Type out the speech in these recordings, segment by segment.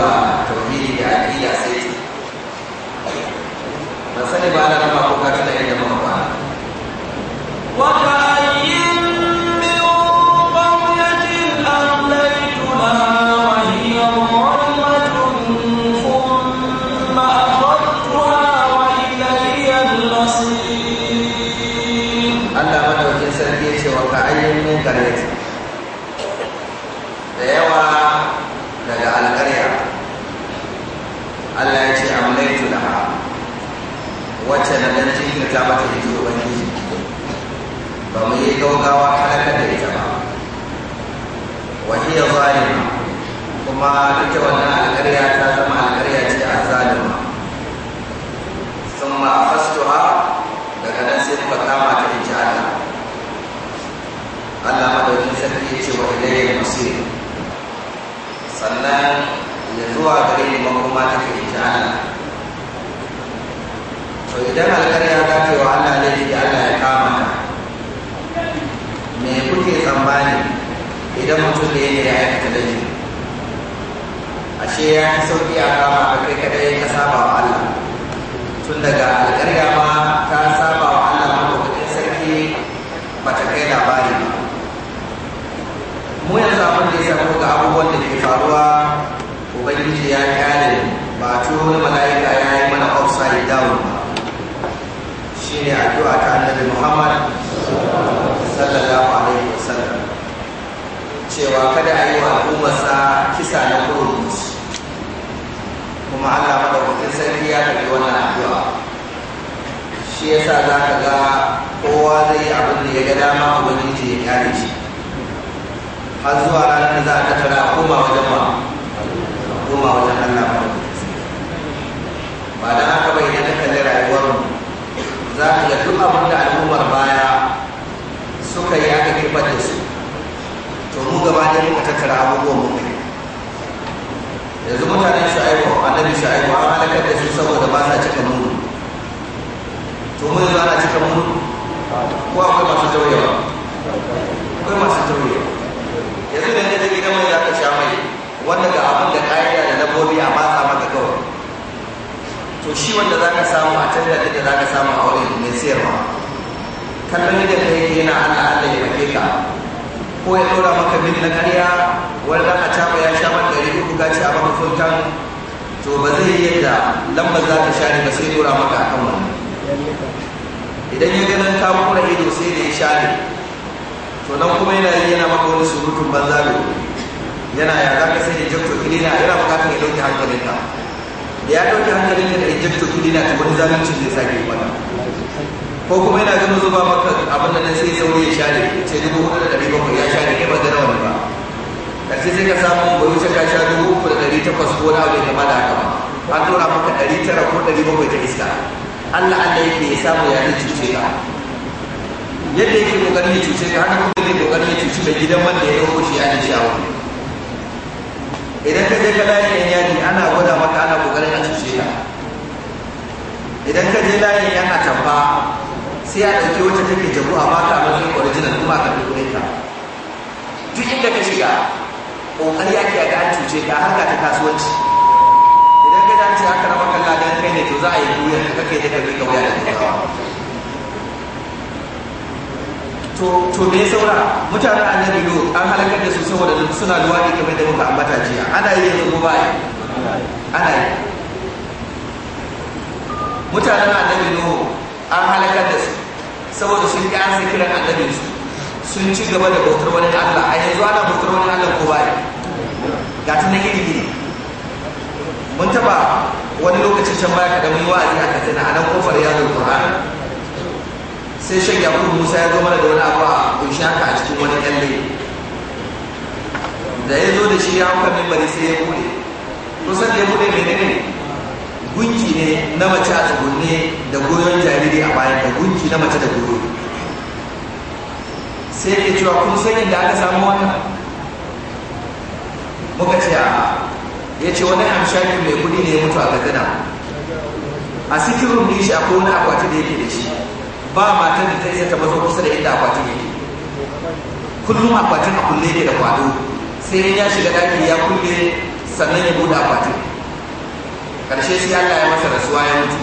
Viva! kuma ita wannan alƙarya ta zama alƙarya ce a zalima sun ma fastuwa daga nan sai muka kama ta inji Allah Allah madaukin sarki ya ce wa ilayen masir sannan ya zuwa gare ni kuma ta ke inji Allah to idan alƙarya ta ce wa Allah laifi Allah ya kama ta me kuke tsammani idan mutum da ya ne ya aikata laifi sai ya yi sauƙi a kai kadai ka saba wa Allah tun daga alƙarya ma ta saba wa Allah maɗaukakin sarki ba ta kai labari ba mu yanzu abin da ya samu ga abubuwan da ke faruwa ubangiji ya kyale ba turo wani mala'ika ya yi mana offside down ba shi ne addu'a ta annabi muhammad sallallahu alaihi wasallam cewa kada a yi wa al'ummarsa kisa na kurmus kuma Allah madaukakin sarki ya tafi wannan addu'a shi yasa za ka ga kowa zai yi abin da ya ga dama ubangiji ya kyale shi har zuwa ranar da za a tattara koma wajen ba koma wajen Allah ba da haka bai da ka kalli rayuwar mu za ka ga duk abin da al'ummar baya suka yi aka kirbar da su to mu gaba da muka tattara abubuwan mu shi a an halakar da shi saboda ba na cika nuru to mun yanzu na cika nuru ko akwai masu tauyewa akwai masu tauyewa yanzu da ne da gidan mai zaka sha mai wanda ga abin da ka'ida da dabbobi a sa maka kawai to shi wanda za ka samu a can da da za ka samu a wurin mai siyarwa kallon yadda ka yi yana allah allah ya bake ka ko ya ɗora maka bin na karya wani ɗan a ya sha maka ɗari uku gaci a bakwai sultan to ba zai yi yadda lambar za ta share ba sai dora maka a kan wani idan ya ganin ta kura ido sai da ya share to nan kuma yana yi yana maka wani surutun banza da yana ya za ka sai da jakto kilina yana bukatar ya ɗauke ka da ya ɗauke ka da injekto kilina ta wani zalunci zai sake fada ko kuma yana gama zuba maka abin da sai sauri ya share sai dubu hudu da dari bakwai ya share ya ba da ba ka sai ka samu ba wuce ka sha dubu uku da ɗari takwas ko na bai kama da haka ba an tura maka ɗari tara ko ɗari bakwai ta iska Allah Allah yake ya samu ya yi cuce ka yadda yake kokarin ya cuce ka haka kuma zai kokarin ya cuce ka gidan wanda ya dauko shi an sha wani idan ka je ka layin yaki ana gwada maka ana kokarin a cuce ka idan ka je layin yan tabba, sai a ɗauki wacce take jago a baka a matsayin original kuma a karɓi ka duk inda ka shiga kokari ake a an cuce ka harka ta kasuwanci idan ka dace aka raba kalla don kai ne to za a yi duya ka kai da ka bi kauya da turawa to to me saura mutanen annabi lo an halakar da su saboda suna luwadi kamar da muka ambata jiya ana yi yanzu ba ne ana yi mutanen annabi lo an halakar da su saboda sun ƙi an sai kiran annabinsu sun ci gaba da bautar wani Allah a yanzu ana bautar wani Allah ko ba ne. ga ta nan gini mun taba wani lokacin can baya kaɗan mun yi wa'azi a katsina a nan kofar yadon ƙur'an sai shan yakubu musa ya zo mana da wani abu a kunshi haka a cikin wani kyalle da ya zo da shi ya hauka mimbari sai ya bude kusan da ya bude mai ne gunki ne na mace a tsugunne da goyon jariri a bayan da gunki na mace da goyo sai ya cewa kun san inda aka samu wannan muka ce a ya ce wani hamshaki mai kudi ne ya mutu a gazana a cikin rum shi akwai wani akwati da yake da shi ba matan da ta iya taba zo kusa da inda akwatin yake kullum akwatin a kulle ne da kwado sai ya shiga daki ya kulle sannan ya bude akwatin karshe sai Allah ya masa rasuwa ya mutu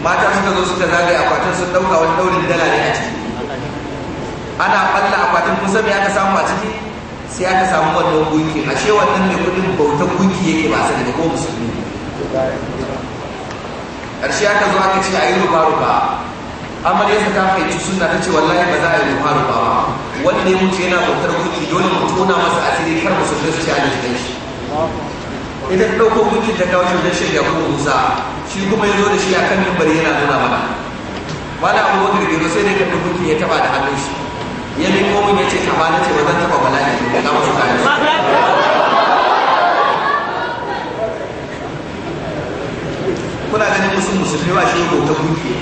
mata suka zo suka zagaye akwatin sun dauka wani daurin dala ne a ciki ana balla akwatin kun san me aka samu a ciki sai aka samu wannan a ashe wannan mai kudin bautar gunki yake ba sai da ko musulmi ƙarshe aka zo aka ce a yi rufa rufa yasa ta fahimci suna ta ce wallahi ba za a yi rufa rufa ba wanda ya mutu yana bautar gunki dole mu tona masa asiri kar musulmi su ci a jikin shi idan ɗauko gunki ta kawo shi rashin ya kuma musa shi kuma ya zo da shi a kan mimbar yana nuna mana abu abubakar gero sai dai kan gunki ya taɓa da hannun shi ya miko mun ya ce ka ba na ce ba zan taɓa bala'i na wasu kayan kuna ganin musu musulmi ba shi ko ta gunki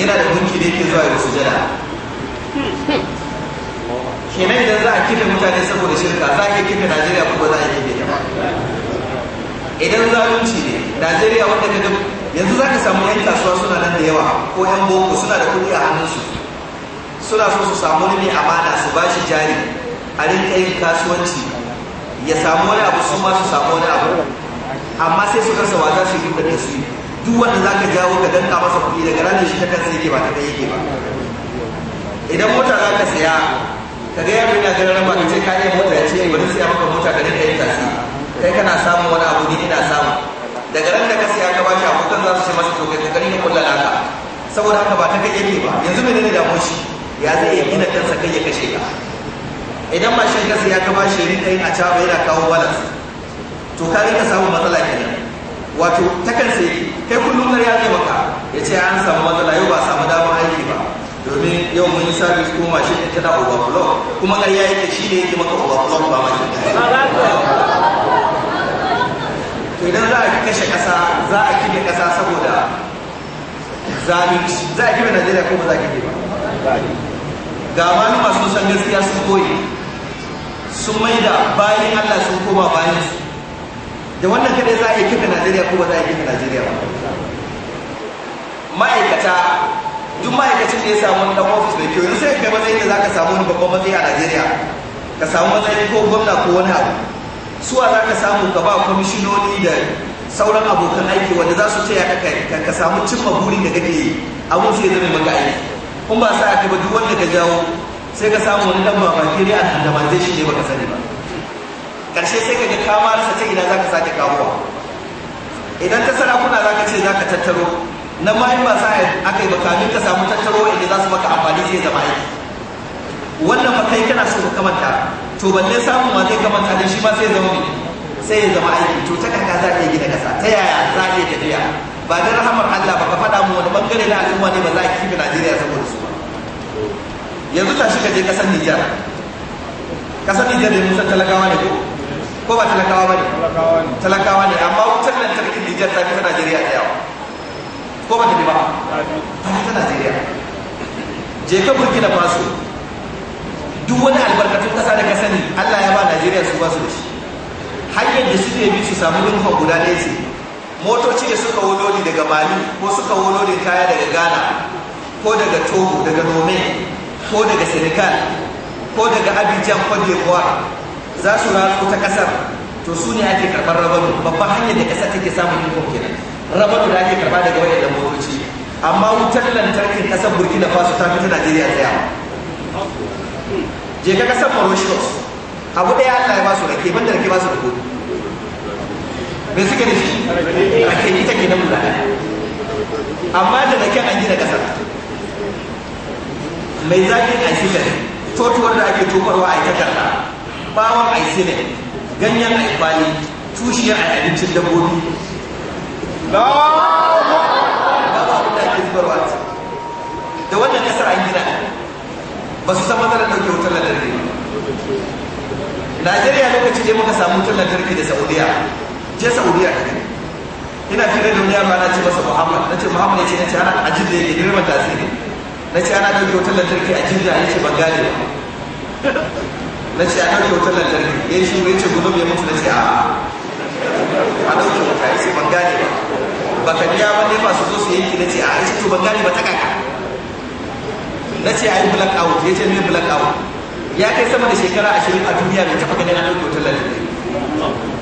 yana da gunki da yake zuwa ya sujada kenan idan za a kife mutane saboda shirka za a iya kife najeriya kuma za a iya kife ba idan zalunci ne najeriya wanda ka yanzu za ka samu yan kasuwa suna nan da yawa ko yan boko suna da kuɗi a hannunsu suna so su samu wani mai amana su ba shi jari a rinka yin kasuwanci ya samu wani abu su ma su samu wani abu amma sai su kasa wa za su yi da su duk wanda za ka jawo ka danka masa kuɗi daga ranar shi ta kan sai ba ta kai yake ba idan mota za ka saya ka ga yaro yana ganin rama ka ce ka iya mota ya ce ba bari saya maka mota ka rinka yin tasi kai kana samun wani abu ni ina samu daga ran da ka saya ka ba shi abokan za su ce masa to kai kokari ka da ka saboda haka ba ta kai yake ba yanzu menene damuwa shi ya zai iya gina kansa kai ya kashe ka idan mashin kasa ya kama shi rinka yin a caba yana kawo balas to ka rinka samun matsala nan. wato ta kansa kai kullum ya zai maka ya ce an samu matsala yau ba samu damar aiki ba domin yau mun yi sabis ko mashin ɗin tana overflow kuma ya yi yake shi ne yake maka overflow ba mashin to idan za a kashe kasa za a kime kasa saboda zalunci za a kime najeriya ko ba za a kime ba ga malama masu san gaskiya sun koyi sun da bayan Allah sun koma bayan su da wannan kadai za a yi kika Najeriya ko ba za a yi kika Najeriya ba ma'aikata duk ma'aikacin da ya samu wani dan ofis mai kyau sai kai matsayin da za ka samu wani babban matsayi a Najeriya ka samu matsayin ko gwamna ko wani abu suwa za ka samu ka ba kwamishinoni da sauran abokan aiki wanda za su ce ka ka samu cimma burin da kake yi abun sai zama maka aiki kuma ba sa aka ba wanda ka jawo sai ka samu wani dan mamaki ne a tantamance shi ne baka sani ba karshe sai ka ga kama rasa ta ina zaka sake kawo idan ta kuna zaka ce zaka tattaro na ma in ba sa aka yi baka ka samu tattaro inda za su maka amfani zai zama aiki wannan ba kai kana so ka kamanta to balle samun ma zai kamanta dan shi ma sai zama sai ya zama aiki to ta kaka za ka yi gina kasa ta yaya za ka yi tafiya ba da rahamar Allah ba ka faɗa mu wani bangare na al'umma ne ba za a kifi Najeriya saboda su ba yanzu tashi ka je kasar Nijar kasar Nijar da musa talakawa ne ko ko ba talakawa ba ne talakawa ne amma wutar lantarkin Nijar ta fi ta Najeriya ta yawa ko ba ta fi ba ta fi ta Najeriya je ka Burkina Faso duk wani albarkatun kasa da ka sani Allah ya ba Najeriya su ba su da shi hanyar da suke bi su samu yunfa guda ɗaya ce motoci da suka wololi daga mali ko suka wololi kaya daga ghana ko daga togo daga nome ko daga senegal ko daga abidjan cote d'ivoire za su ratsu ta kasar to su ne ake karbar rabanu babban hanyar da kasa take samun ikon kenan rabanu da ake karba daga wayan motoci amma wutar lantarkin kasar burkina faso ta fita ta najeriya tsayawa je ka kasar mauritius abu daya allah ya ba su rake banda rake ba su da kudi me suka da shi rake ita ke na guda amma da kyan an gina kasar mai zafin aisilin totuwar da ake tofarwa a ita bawon aisilin ganyen aifani tushiyar a abincin dabbobi da wannan kasar an gina ba su san matsalar ɗauke wutar lantarki najeriya lokacin da muka samu wutar lantarki da saudiya je saudiya ka gani ina fira da wani yara na ce masa muhammad na ce muhammad ya ce na ce ana a jidda yake direban tasiri na ce ana ɗauke wutar lantarki a jidda ya ce ban gane na ce ana ɗauke wutar lantarki ya shi ya ce gudun ya mutu na ce a a ɗauke ya ce ban gane ba ka biya ba ne masu zo su yanki na ce a ya ce to ban gane ba ta kaka na ce a yi black out ya ce ne black out ya kai sama da shekara ashirin a duniya bai taɓa ganin an ɗauke wutar lantarki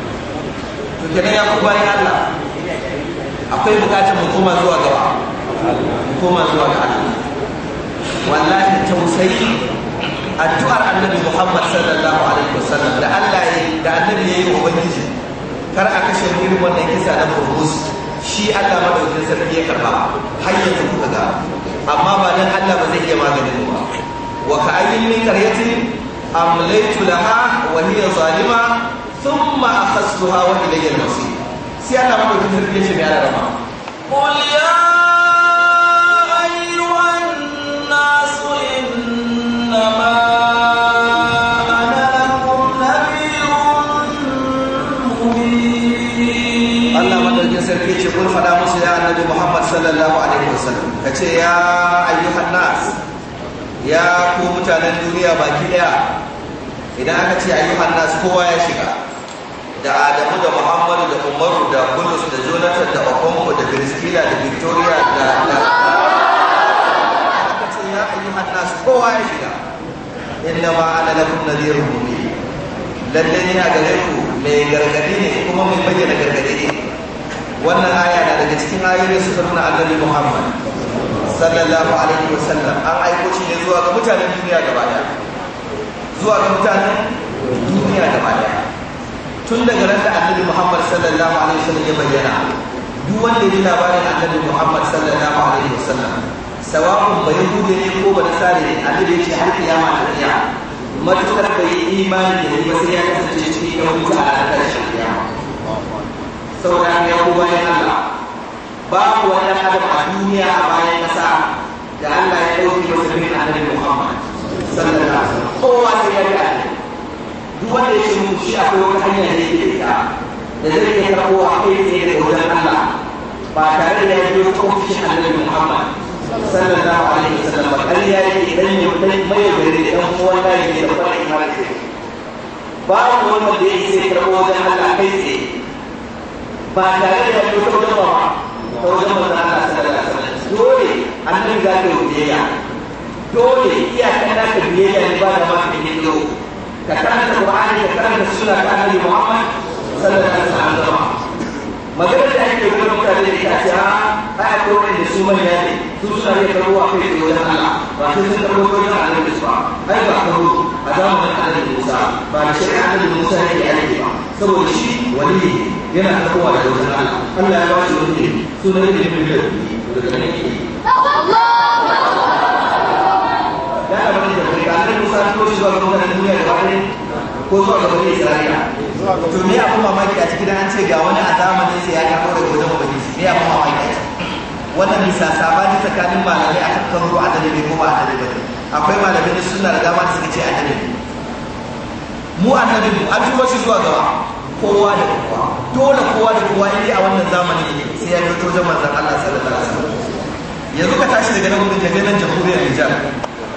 to kenan ya kuma bayan Allah akwai bukatar mu koma zuwa gaba mu koma zuwa ga Allah wallahi tausayi addu'ar annabi Muhammad sallallahu alaihi wasallam da Allah ya da annabi yayi wa ubangiji kar a kashe irin wannan kisa na Burmus shi Allah madaukakin sarki ya karba har yanzu kuka ga amma ba dan Allah ba zai iya maganin ba wa ka'ayyin min qaryatin amlaytu laha wa hiya zalima ثم أخذتها وإلي المصير al-masir sai Allah ma mutum قل يا mai الناس إنما ya annabi Muhammad sallallahu alaihi wasallam ka ya ayyuhan nas ya ku mutanen duniya baki daya idan aka ce ayyuhan nas kowa ya shiga da adamu da muhammadu da umaru da bulus da jonathan da okonko da priscilla da victoria da da aka ce ya ayi hannas kowa ya shiga inna ma ana lakum nadhirun mubin lalle ne a gare ku mai gargadi ne kuma mai bayyana gargadi ne wannan aya na daga cikin ayoyin su nuna annabi muhammad sallallahu alaihi wasallam an aiko shi ne zuwa ga mutanen duniya gaba daya zuwa ga mutanen duniya gaba daya tun daga ranta annabi Muhammad sallallahu alaihi wasallam ya bayyana duk wanda ya labarin annabi Muhammad sallallahu alaihi wasallam sawabun bai hude ne ko ba nasare ne annabi ya ce har kiyama ta tsaya matukar bai yi imani da ni ba sai ya kasance cikin yawan ta a ƙarshen kiyama saboda ya ku bayan Allah babu wani adam a duniya a bayan ƙasa da Allah ya ɗauki masa bin annabi Muhammad sallallahu alaihi wasallam kowa sai ya ga duk wanda ya ce shi akwai wata hanya ne ke ita da zai iya karɓo a kai tsaye da wajen Allah ba tare da ya biyo ofishin Annabi Muhammad sallallahu alaihi wasallam ba kan ya yi dan ya dan mai gari da dan uwan da yake da fara imani ba wanda da yake karɓo wajen Allah kai tsaye ba tare da ya biyo wajen ba ta wajen manzon Allah sallallahu alaihi wasallam dole annabi zaka yi biyayya dole iyakan naka biyayya ne ba da ma ka yi ka karanta Qur'ani ka karanta suna ta Annabi Muhammad sallallahu alaihi wasallam magana da ake gurin mutane da ita ce a ah, ai akwai wanda su manya ne su suna ne karbo a kai wajen Allah ba sai sun karbo wajen Annabi ba ai ba karbo a zamanin Annabi Musa ba da shari'a Annabi Musa ne ke aiki ba saboda shi wali yana karbowa da wajen Allah Allah ya ba shi wani sunan da ne da daga nan ke Allah Allah musa na toshe zuwa ga mutanen duniya da bayan ko zuwa ga bani isra'ila to me abin mamaki a cikin an ce ga wani a zamanin sai ya da daga wajen bani me abin mamaki a ciki wannan bisa sabani tsakanin malamai a kan kan ruwa a dalibi ko ba a dalibi akwai malamai da suna da dama da suka ce a dalibi mu a dalibi an turo shi zuwa gaba kowa da kowa dole kowa da kowa inda a wannan zamanin ne sai ya fito wajen manzon Allah sallallahu alaihi wasallam yanzu ka tashi daga nan ka je nan jamhuriyar Nijar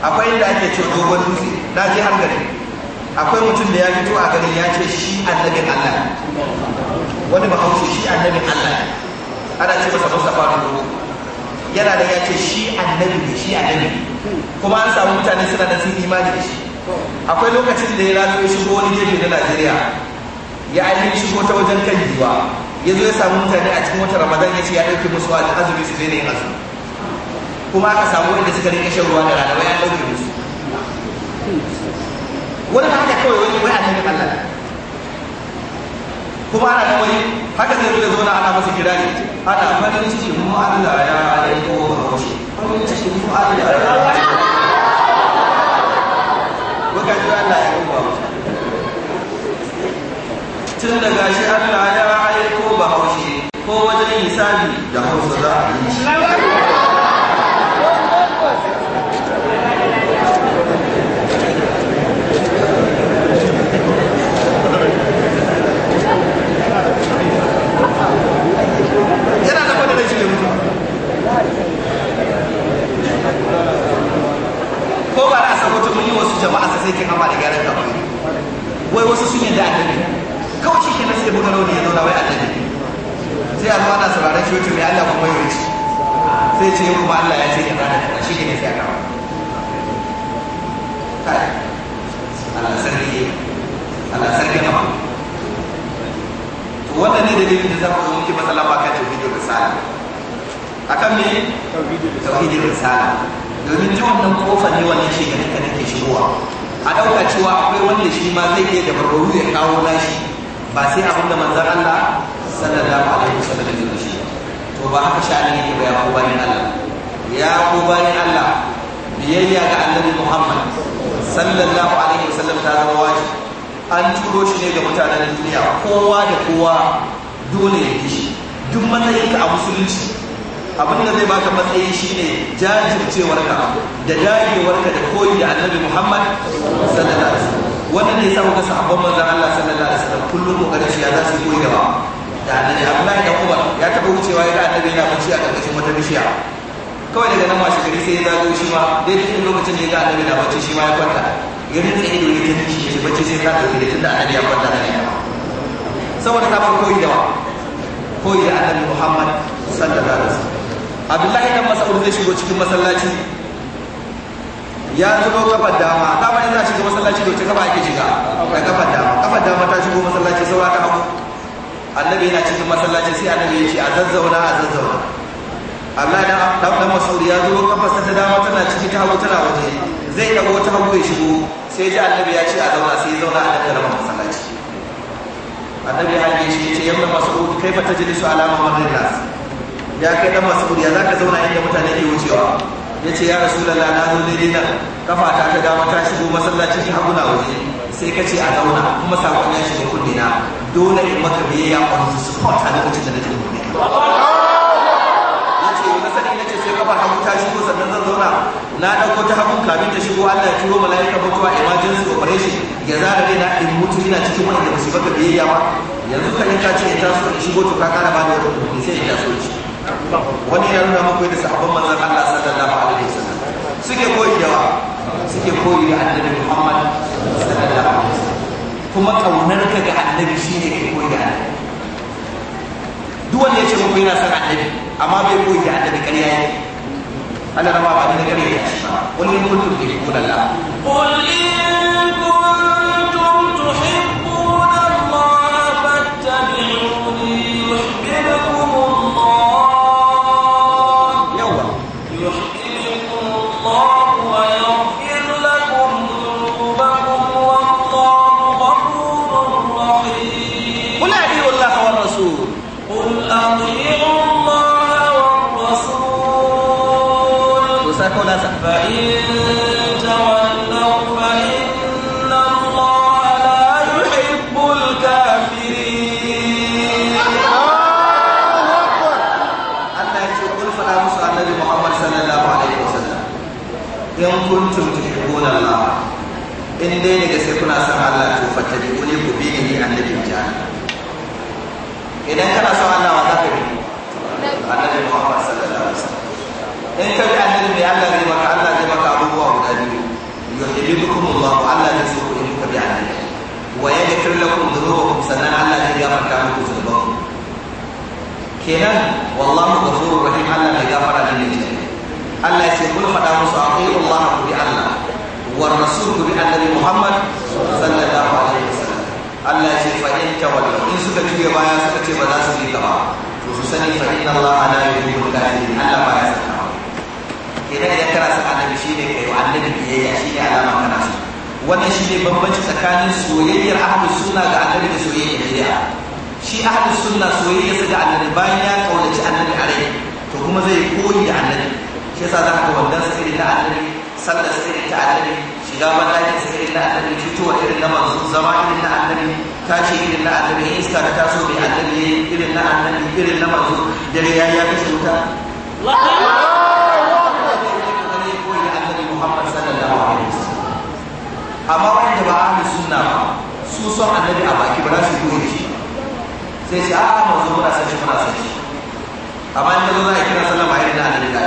akwai inda ake ce dogon dutse na je har gari akwai mutum da ya fito a garin ya ce shi annabi Allah wani ba hausa shi annabi Allah ana ce masa Mustapha da dogo yana da ya ce shi annabi ne shi annabi kuma an samu mutane suna da sun imani da shi akwai lokacin da ya rato ya shigo wani gefe na Najeriya ya ainihin shigo ta wajen kan yiwa ya zo ya samu mutane a cikin wata Ramadan ya ce ya ɗauke musu azumi su daina yin azumi kuma aka samu wanda suka rinka shan ruwa da rana wai dauke musu wani haka kawai wani wai annabin Allah kuma ana ta wani haka zai zo zauna ana masa ne ana farin ciki mu Allah ya aiko rawashi farin ciki mu Allah ya rawashi waka ji Allah ya kuma tun da gashi Allah ya aiko ba haushi ko wajen sami da hausa za a yi shi. cire muku ko ba a sabota mun yi wasu jama'a sai kin amma da garin kawai wai wasu sun yi da annabi kawai shi kenan sai buga rauni ya zauna wai annabi sai a zuwa na sauraron shi wato mai Allah kuma yi sai ce kuma Allah ya ce ya da shi ne sai a kawo Allah sarki ne sarki wannan ne da za mu zo muke matsala ba kan da risala akan me tauhidin risala domin ta wannan kofar ne wannan shekarun ka nake shigowa a ɗauka cewa akwai wanda shi ma zai iya dabarbaru ya kawo gashi. ba sai abin da manzan Allah sallallahu alaihi wasallam ya shi to ba haka sha'ani ne ba ya ko bayan Allah ya ko bayan Allah biyayya ga Annabi Muhammad sallallahu alaihi wasallam ta zama wajibi an turo shi ne ga mutanen duniya kowa da kowa dole ya kishi duk matsayin ka a musulunci abin da zai baka matsayi shine jajircewarka da dagewarka da koyi da annabi muhammad sallallahu alaihi wasallam wannan ne yasa muka sahabban manzon Allah sallallahu alaihi wasallam kullum kokarin shi ya za su koyi gaba da annabi Abdullahi da Umar ya taba wucewa ya ga annabi yana bacci a karkashin wata bishiya kawai daga nan washe gari sai ya zago shi ma dai duk lokacin da ya ga annabi na bacci shi ma ya kwanta ya rinka ido ya tafi shi shi bacci sai ka dauke da tunda annabi ya kwanta da ni saboda ta bar koyi da wa koyi da annabi Muhammad sallallahu alaihi wasallam abdullahi dan mas'ud zai shigo cikin masallaci ya zo kafa dama ta in za a shiga masallaci da kafa yake shiga da kafa dama kafa dama ta shigo masallaci saura ta hagu annabi yana cikin masallaci sai annabi ya ce a zazzauna a zazzauna Allah dan dan dan Mas'ud ya zo kafa sa dama tana ciki ta hagu tana waje zai dago ta hagu ya shigo sai ji annabi ya ce a zauna sai ya zauna a dan karamar masallaci annabi ya ce ya ce yamma Mas'ud kai fa tajlisu ala mamarrin nas ya kai dan buriya ya ka zauna inda mutane ke wucewa ce ya rasulullah na zo daidai nan kafa ta ta dama ta shigo masallacin shi hagu na waje sai ka ce a zauna kuma sakon ya shigo kunne na dole in maka biyayya on the spot a lokacin da nake kunne yace na sani nace sai kafa hagu ta shigo sannan zan zauna na dauko ta hagun kamin ta shigo Allah ya turo mala'ika mutuwa emergency operation ya zara dai na in mutu ina cikin wanda ba su baka biyayya ba yanzu kan ka ce ya taso in shigo to ka kara ba da wata sai ya taso shi wani ya nuna maku da sahabban manzon Allah sallallahu alaihi wasallam suke koyi yawa suke koyi da annabi Muhammad sallallahu alaihi wasallam kuma kaunar ka ga annabi shine kai koyi da annabi duk wanda ya ce muku yana san annabi amma bai koyi da annabi ƙarya yake ana rama ba da ƙarya yake wani mutum ke kula Allah qul in Rasul Qul Allah wa Rasul Usah kau nasa Fa'in jawallahu Allah la yuhibbul kafirin Allah Akbar Allah yang cukul Nabi Muhammad sallallahu alaihi wasallam Yang pun cukul Allah Indah ini kesempatan Allah Tufat jadi ini bubi ini anda idan kana son Allah wa za ka bi annabi Muhammad sallallahu alaihi wasallam in ka bi annabi mai Allah zai maka Allah zai maka abubuwa guda biyu yuhibbukumullahu Allah zai so in ka bi annabi wa yaghfir lakum dhunubakum sannan Allah zai gafarta muku zunubanku kenan wallahu ghafurur rahim Allah mai gafara ne ne Allah ya ce kun faɗa musu aqimu Allah ku bi Allah wa rasul bi annabi Muhammad sallallahu Allah ya ce fa in tawallu in suka juya baya suka ce ba za su yi gaba to su sani fa inna Allah la yuhibbu al-kafirin Allah ba ya san ba idan ya idan kana san annabi shine kai annabi biyayya ne alama kana so wannan ne bambanci tsakanin soyayyar ahlus suna ga annabi da soyayyar bid'a shi ahlus soyayyar soyayyarsa ga annabi bayan ya kaunaci annabi alai to kuma zai koyi da annabi shi yasa za ka ga wannan sa irin na annabi sallar sa ta annabi shiga bandakinsa irin na annabi fitowa irin na manzo zama irin na annabi tashi irin na annabi iska ta taso mai annabi irin na annabi irin na manzo dare ya ya fi shuta amma wanda ba ahli sunna ba su son annabi a baki ba za su yi da shi sai sai a'a manzo muna san shi muna san shi amma in zo za a kira sallama irin na annabi da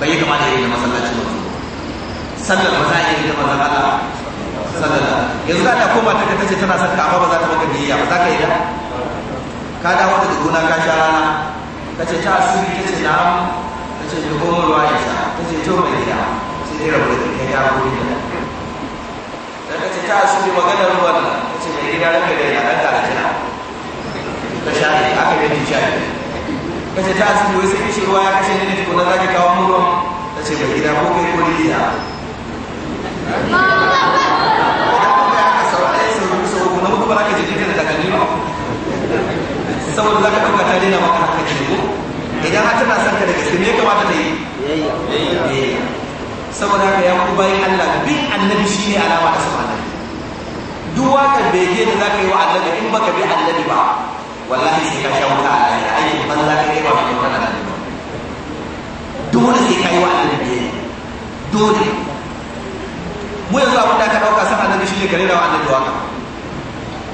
bai yi kama da irin na masallacin manzo sallar ba za a iya ba manzon ba sallar yanzu za ta koma ta ka tace tana sarka amma ba za ta maka biyayya ba za ka yi da ka dawo daga gona ka sha rana ka ce ta asiri ta ce na ta ce ta goma ruwa ya sha ta ce to mai gida sai dai rabu da kai ya rabu da da ka ce ta asiri maganar ruwan nan ta ce mai gida ranka da ya ɗan da ajina ka sha ne aka gani sha ne ka ce ta asiri wai sai kishi ruwa ya kashe ne da tukunan za ki kawo mu ruwa ta ce mai gida ko kai ko liya saboda za ka ɗauka ta daina maka haka ke ko idan har tana son ka da gaske me kamata ta yi saboda haka ya ku bayan Allah bin annabi shine alama da sama duk waka bege da za ka yi wa annabi in baka bi annabi ba wallahi sai ka sha wuta a aikin ban za ka yi wa annabi ba dole sai ka yi wa annabi dole mu yanzu abin da aka dauka san annabi shine ka rera wa annabi waka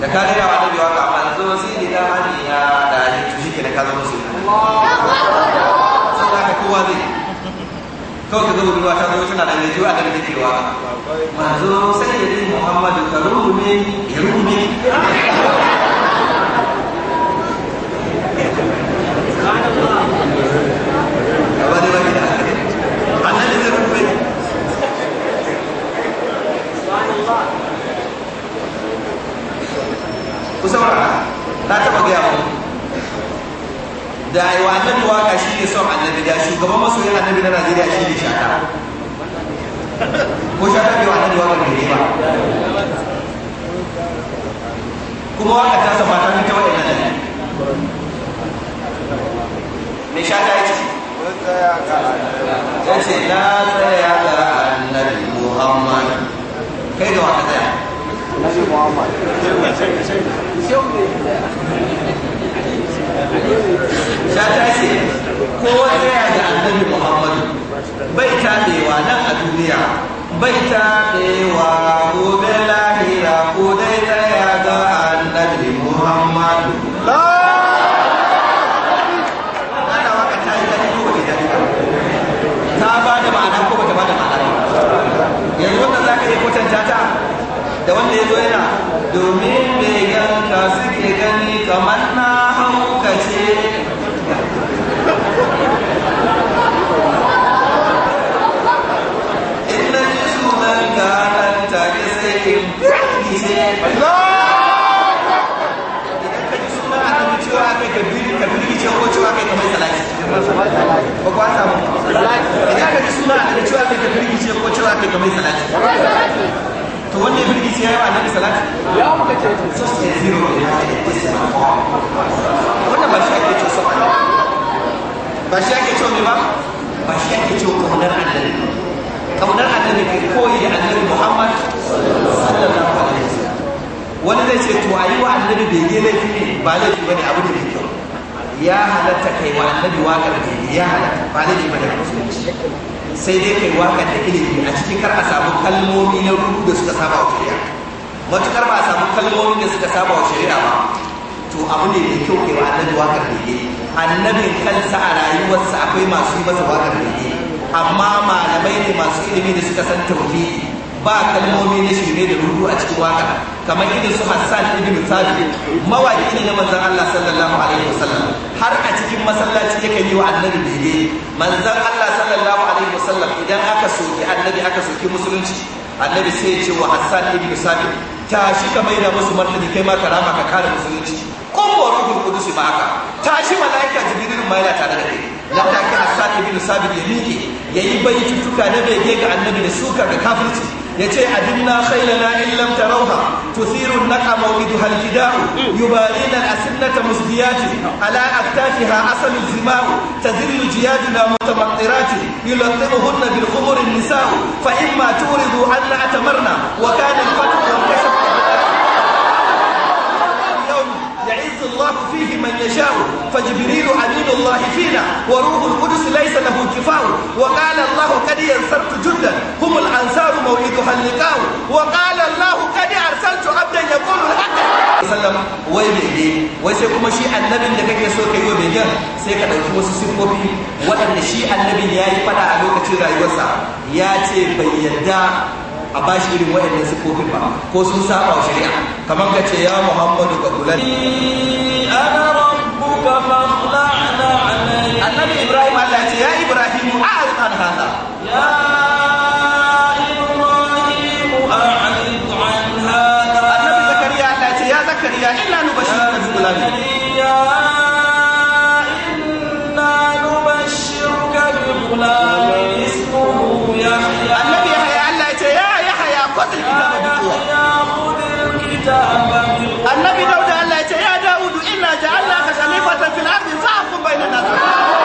da ka rera wa annabi waka manzo sai da hali ya da ya tushi ke da ka zama sunna Allah ka kowa zai kawai ka zama ruwa ta zo tana da yaji a garin take waka manzo sai da Muhammadu ka rume ya rume ku saurara na taɓa gaya mu da aiwa annabi waka shi ne son annabi da shugaban masoyin annabi na najeriya shi ne shata ko shata bai wa annabi waka ne ba kuma waka ta sa mata ta wa'in nan me shata ya ce na tsaya ga annabi muhammad kai da wata tsaya Nabi Muhammad. Shata ce, kowa tsaya da annabi Muhammadu bai taɗewa nan a duniya, bai taɗewa gobe lahira ko dai tsaya ga annabi Muhammadu. wanda ya zo yana domin mai ganka suke gani kamar na haukace in na ji sunan ka nan take sai in firgice ba kwa samu idan ka ji suna da cewa kai ka firgice ko cewa kai ka mai salati to wanda ya firgici ya yi wa annabi salati ya muka ce wanda ba shi ake ce so ba shi ake ce ba ba shi ake ce kaunar annabi kaunar annabi kai koyi da annabi muhammad sallallahu alaihi wani zai ce to ayi wa annabi bege laifi ne ba laifi bane abu ne mai kyau ya halatta kai wa annabi waƙar bege ya halatta ba laifi bane a musulunci sai dai kai waka da ilimi a cikin kar a samu kalmomi na rubu da suka saba wa shari'a matukar ba a samu kalmomi da suka saba wa shari'a ba to abu ne mai kyau kai wa annabi wakar daidai annabin kansa a rayuwarsa akwai masu yi masa wakar ke amma malamai ne masu ilimi da suka san tauhidi ba kalmomi na shirye da rudu a cikin waka kamar irin su Hassan ibn Thabit mawaki ne na manzon Allah sallallahu alaihi wasallam har a cikin masallaci yake yi wa annabi bege manzon Allah sallallahu alaihi wasallam idan aka soki annabi aka soki musulunci annabi sai ya ce wa Hassan ibn Thabit tashi ka maida musu martani kai ma karama ka kare musulunci kun wa ruhul qudus ba haka tashi malaika jibril ma yana tare da kai nan take Hassan ibn Thabit ya miƙe yayi bai tuka na bege ga annabi da suka ga kafirci yace adinna khaylana in lam tarawha tuthiru an-naqa mawiduha al-fida'u yubarina asinnata musbiyati ala aktafiha asal az-zima'u tadillu jiyaduna mutamaqirati yulatibuhunna bil khumur an-nisa'u fa imma turidu an atamarna wa kana al يثبت الله فيه من يشاء فجبريل امين الله فينا وروح القدس ليس له كفاء وقال الله قد ينصرت جندا هم الانصار موعدها اللقاء وقال الله قد عبدا يقول الحق sallam wai mai ne wai sai kuma shi annabin da kake so kai wa begen sai ka ɗauki wasu siffofi waɗanda shi annabin ya yi faɗa a lokacin rayuwarsa ya ce bai yarda a ba shi irin waɗannan siffofin ba ko sun saba wa shari'a kamar ka ce ya muhammadu ka kula ana rabbuka fakhla'na alayka annabi ibrahim Allah ce ya ibrahim a'rid an hada ya ibrahim a'rid an hada annabi zakariya Allah ce ya zakariya illa nubashirka bi gulamin annabi dauda Allah ya ce ya daudu inna ja'alnaka khalifatan fil ardi fa'kum bainan nas annabi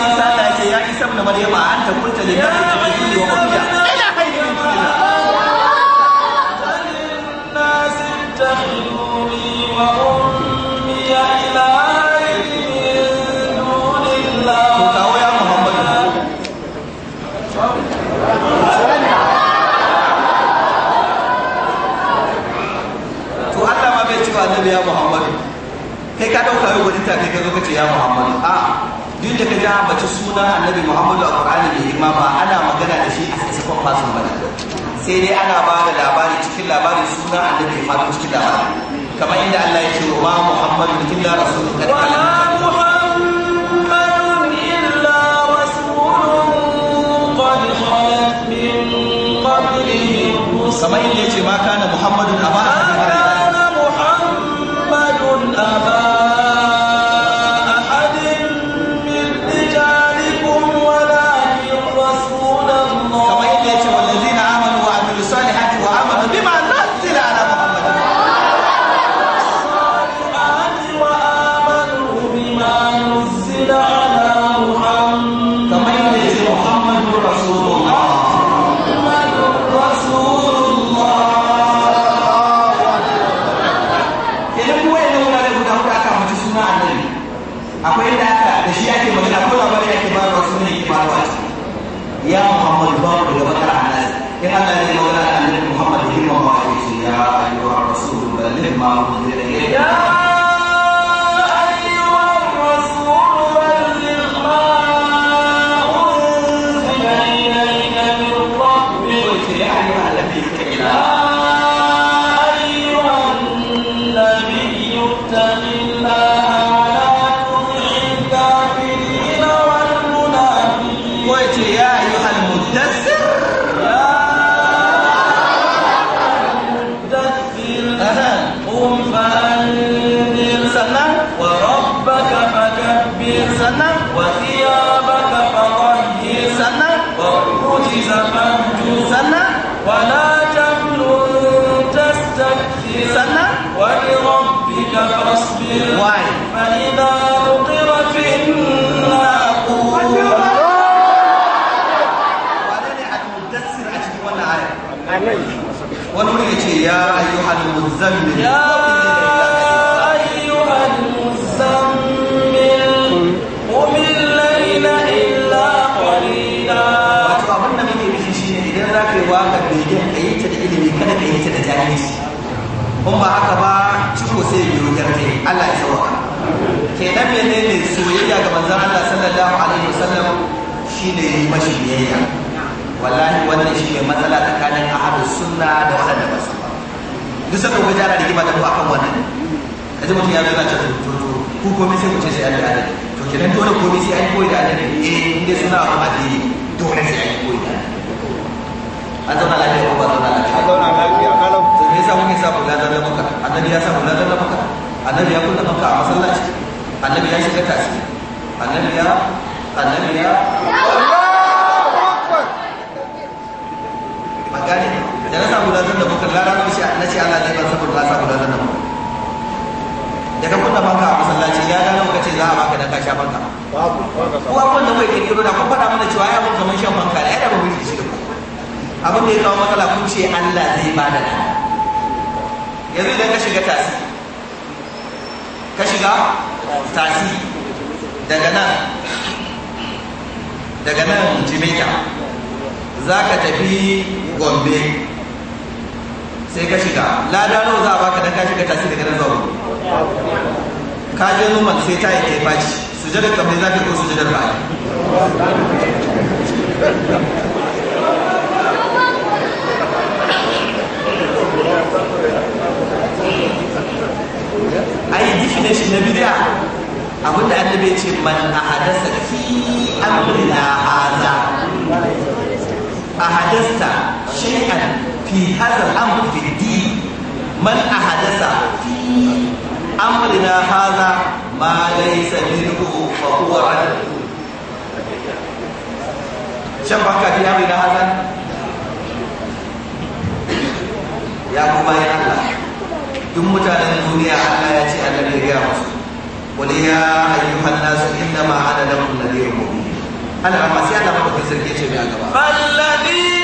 isa Allah ya ce ya isa ibn maryama ta qulta lin mutane ka ya muhammadu a duk da ka ja ambaci sunan annabi muhammadu a qur'ani bai girma ba ana magana da shi a cikin fasin bane sai dai ana ba da labari cikin labarin sunan annabi ya faɗo cikin labari kamar inda Allah ya ce wa muhammadu illa rasulun kada kamar inda ya ce ma kana muhammadun a ba a ce ya ayyuhal muzammil ya ayyuhal muzammil qumil layla illa qalila wato abin da muke idan za ka yi waka mai yin ayyuka da ilimi kada ka yi ta da jahilci kuma ba haka ba ciwo sai ya biyo garke Allah ya sauka kenan menene soyayya ga manzon Allah sallallahu alaihi wasallam biyayya wallahi wannan shine matsala tsakanin ahlus sunna da duk sanda kuka jara da ku akan wannan kaji mutum ya zo ce to to ku komai sai ku ce sai an da adadi to kenan dole komai sai an koyi da adadi eh inda suna wa adadi dole sai an koyi da adadi an zauna lafiya ko ba zauna lafiya an zauna lafiya kalau to me yasa kuke sa kula da maka annabi ya sa kula da maka annabi ya kunna maka a masallaci annabi ya shiga tasi annabi ya annabi ya Allahu akbar magani da na sa kula da maka gara na ce na ce Allah zai bar saboda ka samu ladan nan daga kunna banka a masallaci ya ga ka ce za a baka dan ka sha banka ko wanda mai kirkiro da kun faɗa mana cewa ya mun zaman shan banka da ya ba mu shi da ku abin da ya kawo matsala kun ce Allah zai ba da yanzu idan ka shiga tasi ka shiga tasi daga nan daga nan Jamaica za ka tafi Gombe sai ka shiga lada nawa za a baka dan ka shiga tasi daga nan zuwa ka je numan sai ta yi ta su sujadar kamar za ka ko sujadar ba ai definition na abin abinda annabi ya ce man ahadasa fi amrina haza ahadasta shay'an في هذا الأمر في الدين من أحدث في أمرنا هذا ما ليس منه فهو رد شبك في أمرنا هذا يا كباي mutanen duniya Allah ya ce annabi ya musu wal ya ayyuhan nas inna ma ana lakum nadirun mubin ana amma sai Allah mutum sarki ce mai gaba alladhi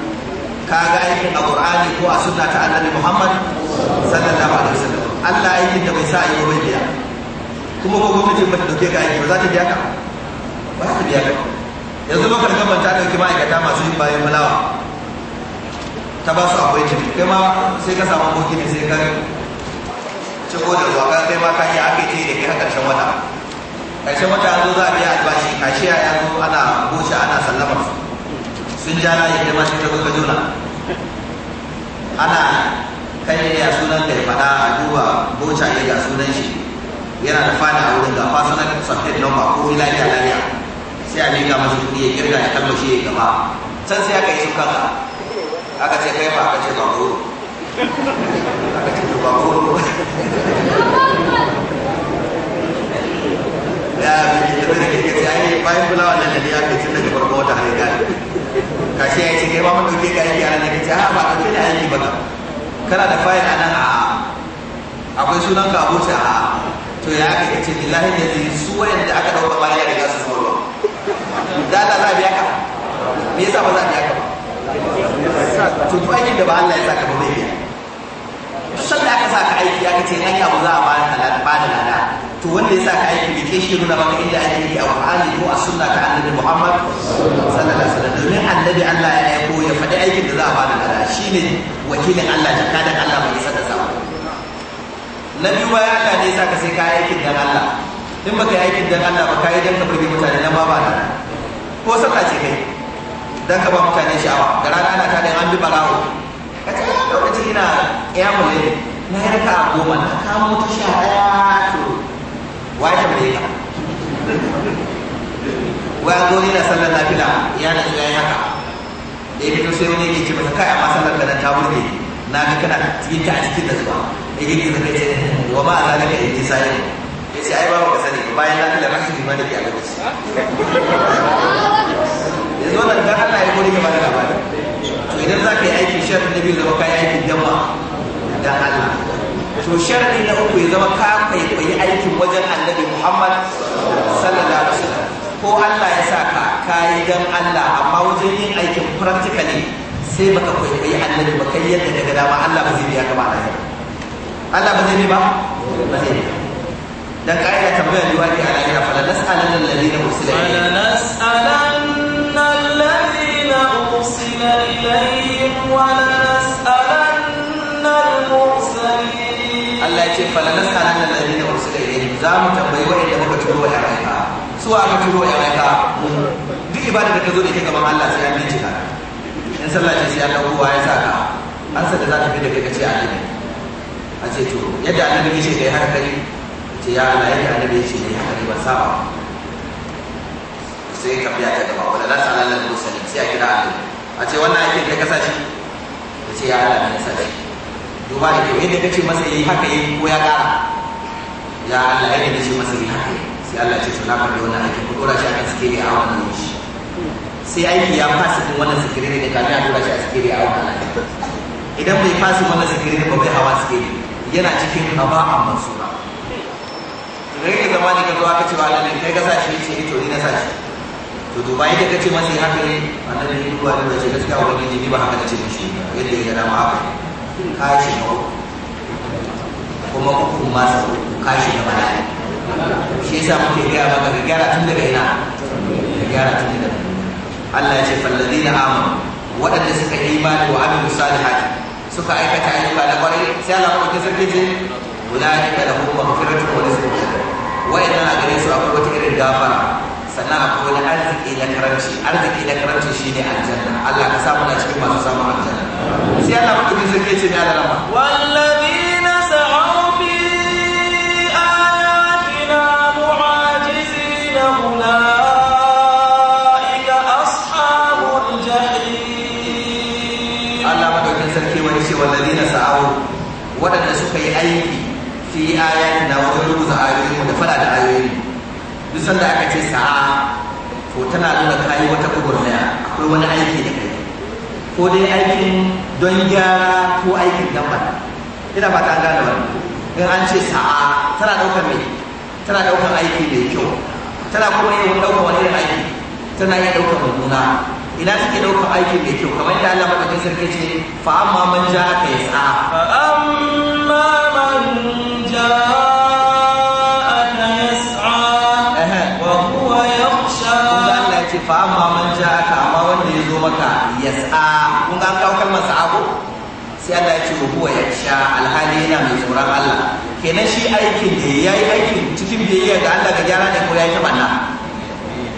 kaga aikin a qur'ani ko a sunna ta annabi muhammad sallallahu alaihi wasallam allah aikin da bai sa yi bai biya kuma ko gwamnati ba ta dauke ka aiki ba za ta biya ka ba za ta biya ka yanzu ba karkar ban ta dauki ma'aikata masu yin bayan malawa ta ba su akwai jini kai ma sai ka samu boki ne sai ka ciko da zuwa kai ma ka yi ake ce da ke a karshen wata karshen wata an zo za a biya albashi shi ya yanzu ana goce ana sallama su sun ja layi da masu ta kuka juna ana kai ne a sunan da fada, faɗa a duba boca ya ga sunan shi yana da fada a wurin gafa sunan subhead number ko lafiya lafiya sai a miƙa masu kuɗi ya kirga ya kalmashi ya gaba can sai aka yi sun kanka aka ce kai ba aka ce ba goro aka ce ba goro ya bi da ke ce ai bayan kulawa da ne ya ke cin daga farko wata hanyar kashe ya ce kai ba mun ke ka yi a nan ne ce ha ba dauke da aiki ba kana da fayil a nan a akwai sunan ka abuta a to ya aka ni lillahi da zai su wayanda aka dauka bayan ya riga su zo ba da Allah za biya ka me yasa ba za biya ka ba to duk da ba Allah ya saka ba zai biya sanda aka sa ka aiki aka ce an yi abu za a ba da lada to wanda ya sa ka aiki bai ke shi nuna ba inda ake yi a Qur'ani ko a sunna ta Annabi Muhammad sallallahu alaihi wasallam domin Annabi Allah ya aiko ya faɗi aikin da za a ba da lada shine wakilin Allah da kadan Allah bai sa da sako na biyu bayan Allah ne ya sa ka sai ka aikin dan Allah in baka yi aikin dan Allah ba ka yi dan ka burge mutane nan ba ba ko sallah ce kai dan ka ba mutane sha'awa garana ana ta da an bi barawo ka ce lokacin ina ya mulai na yi raka a goma na kamo ta sha ɗaya to wajen da ya wa ya gori na sallar lafiya ya na zuwa ya haka da ya fito sai wani yake ce masa kai amma sallar ka na ta burge na ga kana cikin ta a cikin da zuwa ya yi da kai ce wa ma a zaga da ya ji sayi ya ce ai ba ka sani bayan nafila ba shi ma da ke a lokaci yanzu wannan dan Allah ya gori to sharadi na uku ya zama ka kwaikwayi aikin wajen annabi muhammad sallallahu alaihi wasallam ko allah ya sa ka yi dan allah amma wajen yin aikin practically sai baka kwaikwayi annabi ba kai yadda daga dama allah ba zai biya ka ba allah ba zai biya ba ba zai biya dan ka'ida tambayar liwaki a lahira fala nas'alanna alladhina ursila ilayhim fala nas'alanna alladhina ursila ilayhim wa la Allah ya ce falanasta nan nan da wasu da ilimi za mu tambayi waɗanda muka turo ya aika su aka turo ya aika duk ibada da ka zo da ita gaban Allah sai an bincika in sallah ce sai Allah ruwa ya sa ka an sa da za ta fi da kai ka ce ne a ce to yadda annabi ya ce kai har kai ce ya Allah yadda annabi ya ce kai har kai ba ba sai biya ta gaba wala sa sallallahu da wasallam sai a kira a ce wannan aikin kai ka shi ya ce ya Allah ne ya sa shi duba da kyau yadda kace masa yayi haka yayi ko ya kara ya Allah yadda kace masa yayi haka sai Allah ya ce to na da wannan aiki ko dora shi cikin sikiri a wannan shi sai aiki ya fasa din wannan sikiri da kafin a dora shi a sikiri a wannan idan bai fasa wannan sikiri ba bai hawa sikiri yana cikin aba'an mansura rai da zama ne ka zo aka ce ba Allah ne kai ka sa shi ce to ni na sa shi to duba yadda kace masa yayi haka ne wannan ne duba da shi gaskiya wani ne ba haka kace shi yadda ya dama haka ka shiga uku kuma uku masu ka shiga bala'i shi yasa muke gaya maka ka gyara tun daga ina ka gyara tun daga Allah ya ce fallazi na amon waɗanda suka yi imani wa abin salihati suka aikata ayyuka da kwarai sai Allah kuma kisar kije ulai ka da hukuma mafiratu wa rizqu wa'annan a gare su akwai wata irin gafara sannan akwai wani arziki na karanci arziki na karanci shine aljanna Allah ka samu n'a cikin masu samun aljanna sai Allah ce da alama wallazina sa'u fi ayatina mu'ajizin ulaika ashabul jahim Allah wani ce suka yi aiki fi ayatina wajen rubuta ayoyin da sanda aka ce sa'a to tana nuna kayi wata kuburna akwai wani aiki da kai ko dai aikin don gyara ko aikin don bada ina ba ta gane wani in an ce sa'a tana ɗaukar mai tana ɗaukar aiki mai kyau tana kuma yin ɗaukar wani irin aiki tana iya ɗaukar mummuna ina take ɗaukar aiki mai kyau kamar yadda Allah madaukakin sarki ce fa amma man ja'a ka yas'a fa amma man ja'a fama Aa kun ga an kawo kalmar sai Allah ya ce ko ya sha alhali yana mai tsoron Allah kenan shi aikin da yi aikin cikin biyayya ga Allah ga gyara ne ko yi tabanna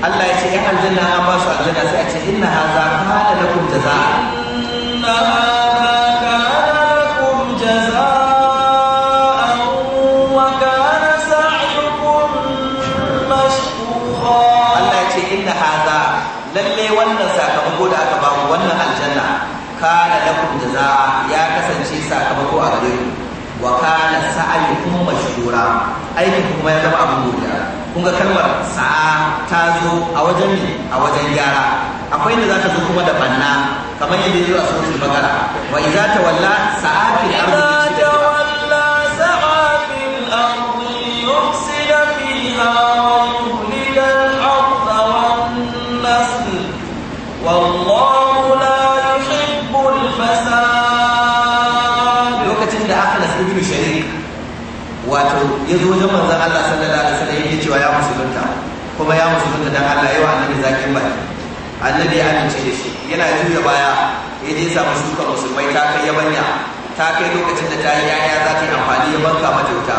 Allah ya ce 'yan aljanna an ba su aljanna sai a ce inna hadha kana lakum jazaa ya kasance sakamako a gare ku wa kana sa'ayi kuma mashura aikin kuma ya zama abin godiya kun ga kalmar sa'a ta zo a wajen ne a wajen gyara akwai inda za ta zo kuma da banna kamar yadda ya zo a sosai bakara wa ta walla. sa'a fi والله ya zo wajen manzon Allah sallallahu alaihi wasallam yake cewa ya musulunta kuma ya musulunta dan Allah yau annabi zakin baki annabi ya amince da shi yana juya baya ya je samu shuka musulmai ta kai yabanya ta kai lokacin da ta yi yaya za ta yi amfani ya banka mata wuta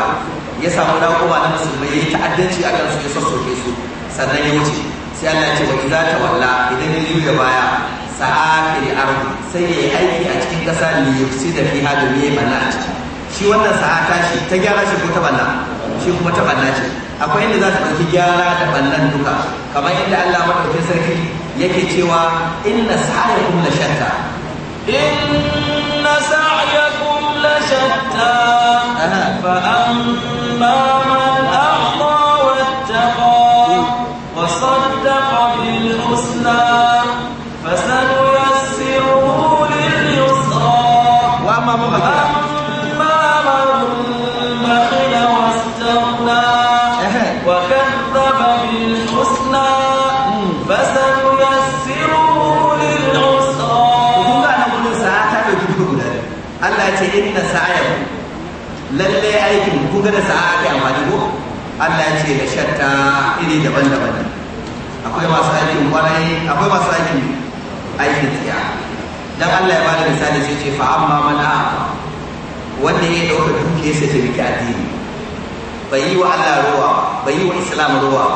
ya samu rakuma na musulmai ya yi ta'addanci a kansu ya sassoke su sannan ya wuce sai Allah ce wa idza walla idan ya juya baya sa'a fil ardi sai ya yi aiki a cikin kasa ne ya fi da fiha da me mana a ciki shi wannan sa'a ta shi ta gyara shi ko ta balla shi kuma ta balla ce akwai inda za ta ɗauki gyara da ballan duka kamar yadda Allah maɗaukin sarki yake cewa inna sa'ayakum la shatta inna sa'ayakum la shatta fa amma man inna sa'ayan lalle aikin ku ga da sa'a ake amfani ko Allah ya ce da shatta iri daban-daban akwai masu aikin kwarai akwai masu aikin aikin tsaya dan Allah ya ba da misali sai ce fa amma mana wanda ya duke sai ta rike addini bai yi wa Allah ruwa bai yi wa Islam ruwa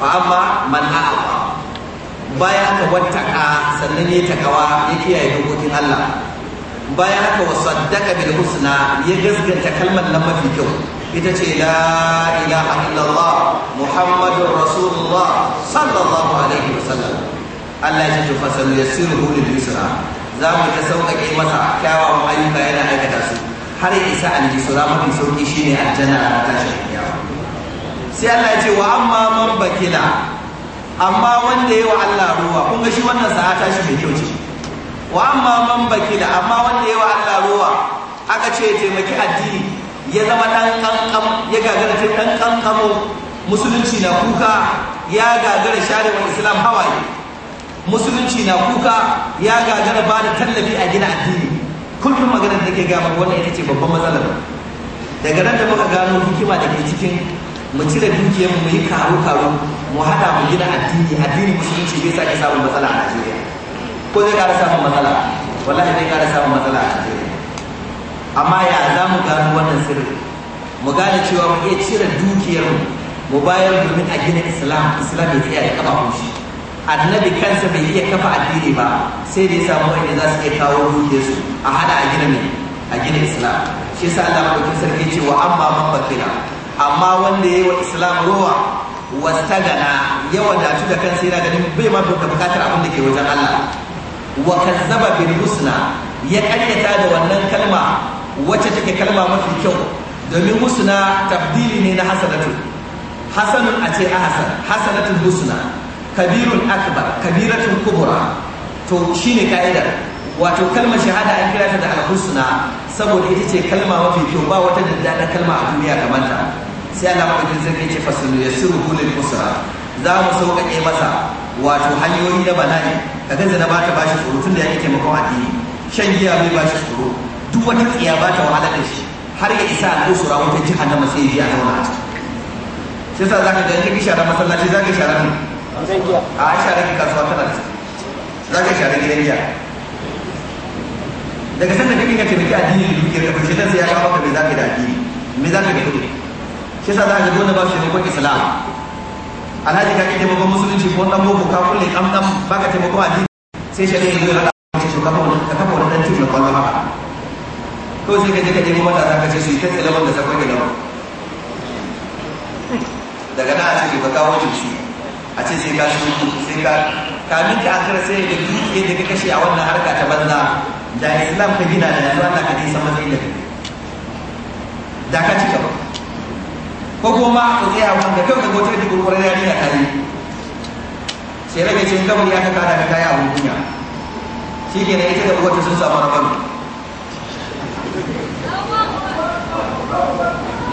fa amma man afa baya ka wattaka sannan ya takawa ya kiyaye dokokin Allah bayan haka wa saddaka bil husna ya gaskanta kalmar nan mafi kyau ita ce la ilaha illallah muhammadur rasulullah sallallahu alaihi wasallam Allah ya ce fasalu yasiru lil yusra za mu ta sauƙaƙe masa kyawawan ayyuka yana aikata su har ya isa an ji sura mafi sauƙi shine aljanna a tashi sai Allah ya ce wa amma man bakila amma wanda yi wa Allah ruwa kun ga shi wannan sa'a tashi mai kyau ce wa amma man bakila amma wanda yawa Allah ruwa aka ce taimaki addini ya zama dan kankan ya gagara ta dan kankamo musulunci na kuka ya gagara share wa islam hawaye musulunci na kuka ya gagara ba da tallafi a gina addini kullum maganar da ke gama wannan ita ce babban matsalar daga nan da muka gano hikima da ke cikin mu cire dukiyar mu yi karo karo mu hada mu gina addini addini musulunci bai sake samun matsala a Najeriya ko zai ƙara samun matsala wallahi zai ƙara samun matsala a Najeriya amma ya za mu gano wannan sirri mu gane cewa mu iya cire dukiyar mu bayar domin a gina islam islam ya tsaya da kafa kushi annabi kansa bai iya kafa addini ba sai da ya samu wanda za su iya kawo dukiyarsu a hada a gina mai a gina islam shi yasa Allah madaukakin sarki ce wa amma man bakira amma wanda yayi wa islam ruwa wastagana gana yawa da kansa yana ganin bai ma da bukatar abin da ke wajen Allah wa kazzaba bil husna ya kanyata da wannan kalma wacce take kalma mafi kyau domin husna tabdili ne na hasanatu hasanun a ce ahsan hasanatul husna kabirun akbar kabiratul kubra to shine ka'idar wato kalmar shahada an kira ta da al-husna saboda ita ce kalma mafi kyau ba wata na kalma a duniya kamar ta sai Allah ya sarki ya ce fasilu yasiru lil usra za mu sauƙaƙe masa wato hanyoyi na bala'i ka ganza na bata bashi tsoro tun da ya ke makon addini shan giya bai bashi tsoro duk wata tsiya ba ta wahala da shi har ya isa al'usura wata jiha na matsayi zauna a ciki shi yasa ka ga kake shara masallaci za ka shara ne a shara ki kasuwa tana da ka shara gidan giya daga sanda kake ka taimaki addini da dukiyar ka bace sai ya kawo za ka yi da addini me ka da kudi shi yasa ka ga dole ba shi ne ko islam alhaji ka kike babban musulunci ko dan boko ka kulle kam baka taimako a dini sai shari'a ya zo ya ce to kafa wani kafa wani dan tudu kwallo haka to sai ka je ka nemo mata ka ce su yi tattala da sa kwai gaba daga nan a ce ka kawo cuci a ce sai ka shi sai ka kamin ka kira sai da dukiya da ka kashe a wannan harka ta banza da islam ka gina da yanzu ana ka nisa matsayin da ka da ka ci gaba ko kuma ku tsaya wanda kan ka gotar da gurgurar yarinya ta yi sai rage ce kawai ya ta kada ka kaya abun kunya shi ke ita da wata sun samu rabon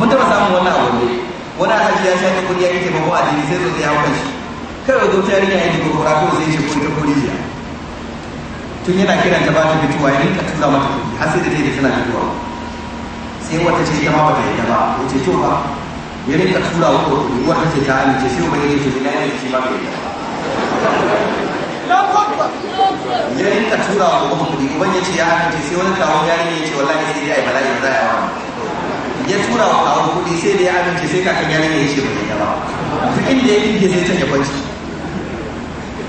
mun taɓa samun wannan abu ne wani alhaji ya shafi kuɗi ya yi taimako a jini sai zai yawon wuce shi kawai zo ta rinya ya ji gurgura ko zai ce ko ita ko rijiya tun yana kiran ta ba ta fitowa ya rinka tuza mata kuɗi har sai da ta yi da tana fitowa sai wata ce ita ma ba ta yi da ba wace to ba ya rinka tura wa ruwa ta ta amince sai wani yake shi na ba ke ya tura wa ya ce ya amince sai wani kawo ya ce wallahi sai dai bala'i ba za a yawa ya tura wa kawo sai ya amince sai kakan ya ce ba zai duk inda ya sai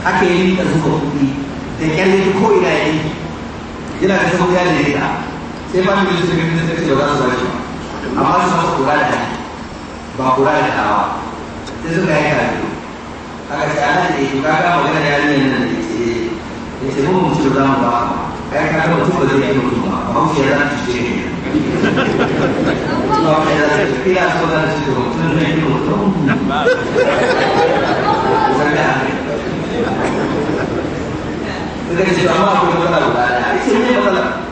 aka yi zuba da kyalli ko ina ya yi da sabon ya sai ba mu yi su da za su zama amma su kura da ba kula da dawa sai suka yi karatu aka ce ana da eh, yi kaga magana ya yi nan da ke ya mun mutu za mu ba kai ka ga mutu ba zai yi mutu ba ba mu ya za ta ce ne ba kai za ta ce ya so za ta ce ba mutu ne ne mutu suka ce amma akwai matsala guda da ake ne matsala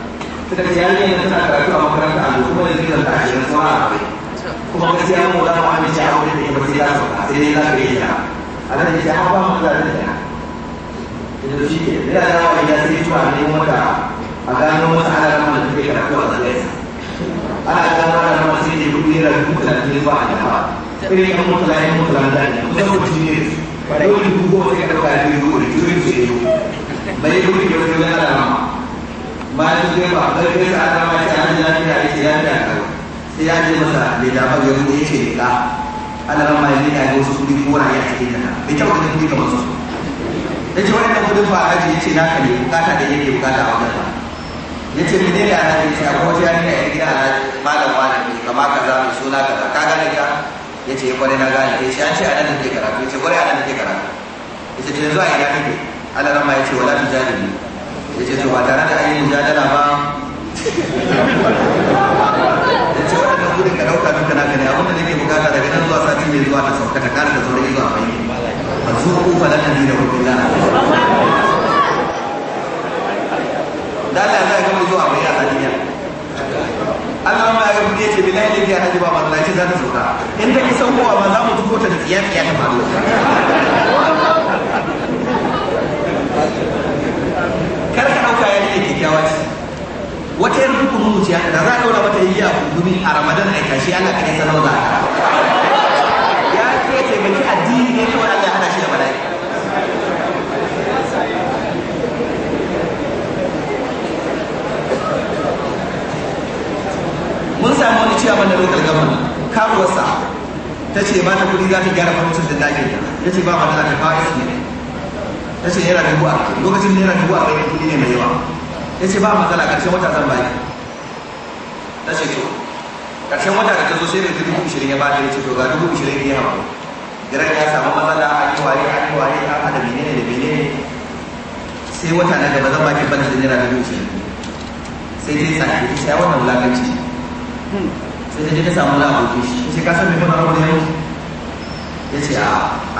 suka ce ya ne na ta karatu a makaranta a kuma da zai zanta a cikin sama a abai kuma gaskiya mu da mu amince a wurin da ba sai ta so sai dai za ka yi ta a nan yake an ba mu da da ta idan shi ke da ya wa ya sai tuwa ne a gano wasu ana da mun da karatu a zalai ana gano ana da mun sai da duk ne da duk da ne ba a da irin yan mutala yan mutala da ne kusa mutum ne ba da wani dubu wata ka dauka da yiwu da yiwu da yiwu bai yiwu da yiwu da yiwu da alama bayan su ba bai kai sa alama ta hanyar lafiya ita lafiya sai ya ce masa mai damar ya ruɗe ya ce da ka ana mai ya leda wasu kuɗi kora ya ce da bai kyau da kuɗi kamar su ya ce wani ɗan kudin fara a ya ce na kare bukata da yake bukata a wajen ba ya ce mene ne alhaji ya ce akwai wata yarinya a gida alhaji malam malam ne kama kaza mai suna kaza ka gane ka ya ce eh, kwarai na gane ya ce an ce anan da ke karatu ya ce kwarai anan da ke karatu ya ce yanzu a ina kake Allah rama ya ce wala tujadilu ya ce to ba tare da ayyukan mujadala ba lokacin naira dubu arba'in kudi ne mai yawa ya ce ba matsala ƙarshen wata zan bayi ta ce to ƙarshen wata da ta zo sai da dubu ishirin ya bata ya ce to ga dubu ishirin ya hawa gidan ya samu matsala a yi ware a yi ware a hada menene da menene sai wata na gaba zan baki bana da naira dubu ishirin sai dai sa ke ta wannan wulakanci sai dai ta samu laboki shi sai ka san mai kuma rawar yau ya ce a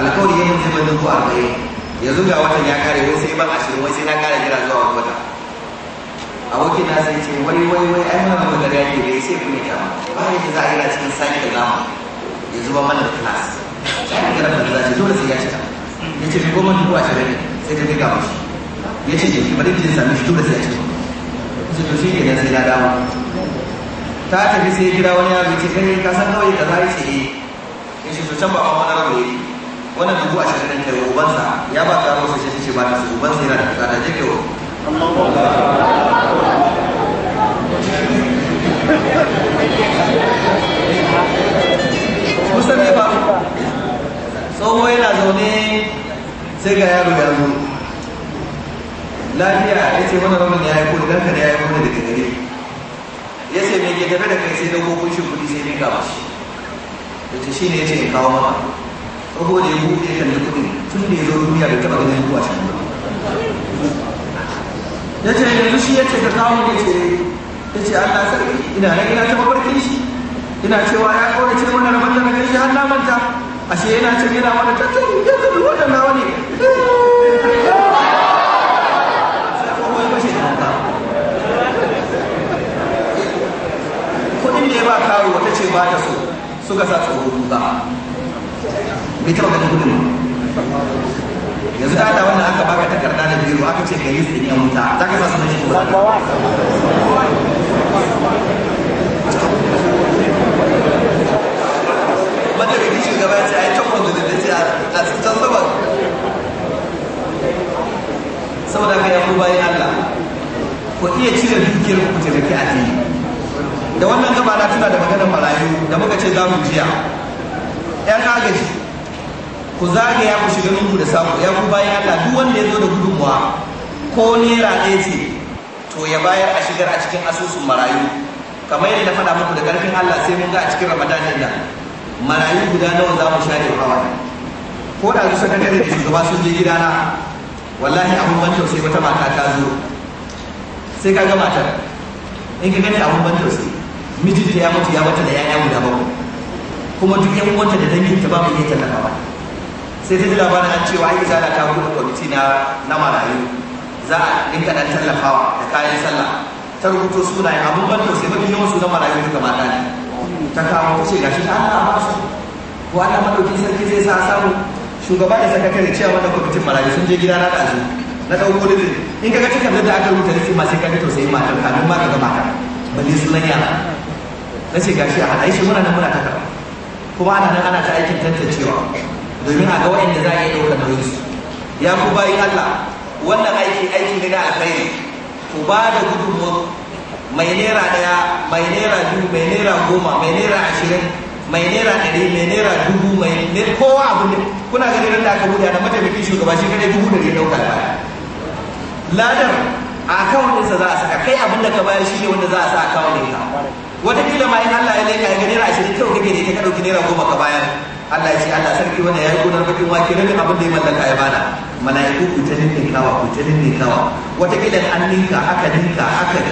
alkawari ya yi mutum da dubu arba'in yanzu ga watan ya kare wai sai ban ashirin wai sai na kare jira zuwa wani wata abokin na sai ce wai wai wai ai mana mu gari yake bai sai kuma ta ba yadda za a yi cikin sake da zama ya zuba mana da class sai ka rafa da ce dole sai ya cika ya ce goma dubu ashirin ne sai ta diga mashi ya ce jiki bari jin sami shi dole sai ya cika su to shi ke nan sai na dawo ta tafi sai ya kira wani yaro ya ce kai ka san kawai da za a yi tsaye ya ce su eh. can ba kwan wani rabu ne wannan dubu a cikin kai wa ubansa ya ba ta masa shi ce ba ta su ubansa yana da tsada je kai wa musan ne ba tsoho yana zaune sai ga yaro ya zo lafiya ya ce wani ramin ya yi ko idan ka ne ya yi kuma daga gare ya ce me ke tafi da kai sai da shi kudi sai ne ga shi da ce shi ne ya ce in kawo maka rago da ya buɗe kan da kuɗin tun da ya zo duniya bai taɓa ganin kuwa can ya ce yanzu shi ya ce ka kawo ya ce ya ce allah sarki ina nan ina ta mafarkin shi ina cewa ya kawai ce mana rabon da na kai shi har na manta ashe yana can yana mana yanzu ya zama waɗanda wani kudin da ya ba kawo wata ce ba ta so suka sa tsoro duka bai taɓa ganin gudun yanzu da Allah wannan aka baka takarda da biro aka ce ka yi tsini a wuta za ka sa su mace ko wanda da kishin gaba ce a yi can wanda da ce a cikin sama saboda ka yabo bayan Allah ko iya cire dukiyar ku ta taimaki a tsaye da wannan gaba na tuna da maganar marayu da muka ce za mu jiya 'yan jiki. ku zagaya ku shiga lungu da saƙo ya ku bayan Allah duk wanda ya zo da gudunmuwa ko nera ɗaya ce to ya bayar a shigar a cikin asusun marayu kamar yadda na faɗa muku da ƙarfin Allah sai mun ga a cikin Ramadan da marayu guda nawa za mu share hawa ko da su sakatare da shugaba sun je gidana wallahi abun ban tausayi wata mata ta zo sai ka ga matar in ka gani abun ban tausayi mijinta ya mutu ya bata da 'ya'ya guda bakwai kuma duk 'yan uwanta da ta ba mu iya tallafawa sai ta ji labarin an cewa ai za ta buɗe kwamiti na na marayu za a dinka dan tallafawa da kayan sallah ta rubuto sunayen abun ban sai mafi yawan su na marayu duka mata ne ta kawo ce gashi ta Allah ba su ko Allah madauki sarki zai sa samu shugaba da sakatare cewa wannan kwamitin marayu sun je gida na ɗazu na ɗauko da in ka gaci takardar da aka rubuta da ma sai ka ga tausayin matar kafin ma ka ga matar balle sunan yara na ce gashi a haɗa shi muna nan muna ta kuma ana nan ana ta aikin tantancewa domin a ga wa'anda za a yi ɗaukar nauyi ya ku bayi Allah wannan aiki aiki ne a kai ku ba da gudunmuwa mai naira ɗaya mai naira biyu mai naira goma mai naira ashirin mai naira ɗari mai naira dubu mai kowa abu ne kuna ganin da aka buɗe da mataimakin shugaba shi kadai dubu ɗari ɗauka da baya ladar a akawun ɗinsa za a saka kai abin da ka bayar shi ne wanda za a sa akawun ɗinka wata kila ma Allah ya leka ya ga naira ashirin kyau kake ne ita ka ɗauki naira goma ka bayar Allah ya ce Allah sarki wanda ya yi gonar bakin wake rabin abin da ya mallaka ya ya mala'iku ku ne kawa ku ne kawa wata kila an ninka haka ninka haka ne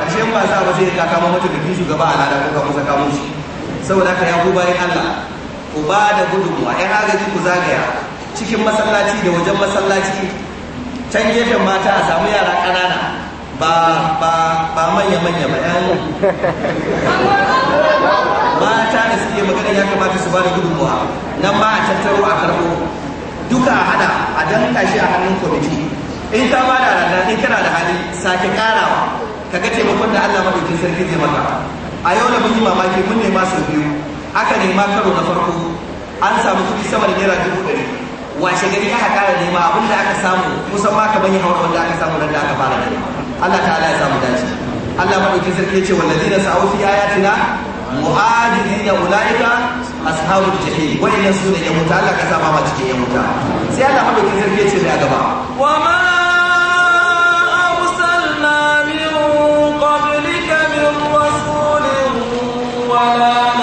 ƙarshe ba sa ba sai ka kama mata da kishu gaba a lada ko ka kusa kamo shi saboda haka ya ku bayan Allah ku ba da gudunmuwa ‘yan agaji ku zagaya cikin masallaci da wajen masallaci can gefen mata a samu yara ƙanana ba ba ba manya manya ba yan mata da suke magana ya kamata su ba da gudunmuwa nan ba a tattaro a karbo duka a hada a danka shi a hannun kwamiti in ka ba da rana in kana da hali sake karawa ka ga taimakon da Allah madaukin sarki zai maka a yau da muni mamaki mun nema sau biyu aka nema karo na farko an samu kuɗi sama da naira dubu ɗari washe gari aka kara nema da aka samu kusan ma kamar yi hawa wanda aka samu nan da aka fara nema Allah ta'ala ya samu dace Allah madaukin sarki ya ce wallazina sa'u fi ayatina mu'adina ulaika ashabul Wani wa'inna sunan ya mutu Allah ka sa ma cikin ya mutu sai Allah madaukin sarki ya ce mai a gaba wa ma arsalna min qablika min rasulin wala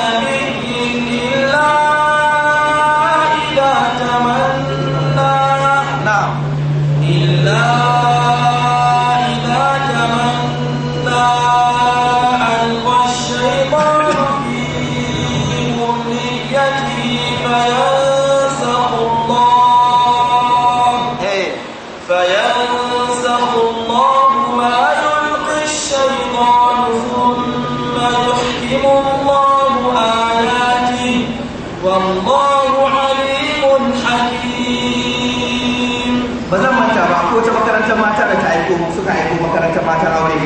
ba zan manta ba ko ta makarantar mata da ta aiko suka aiko makarantar mata aure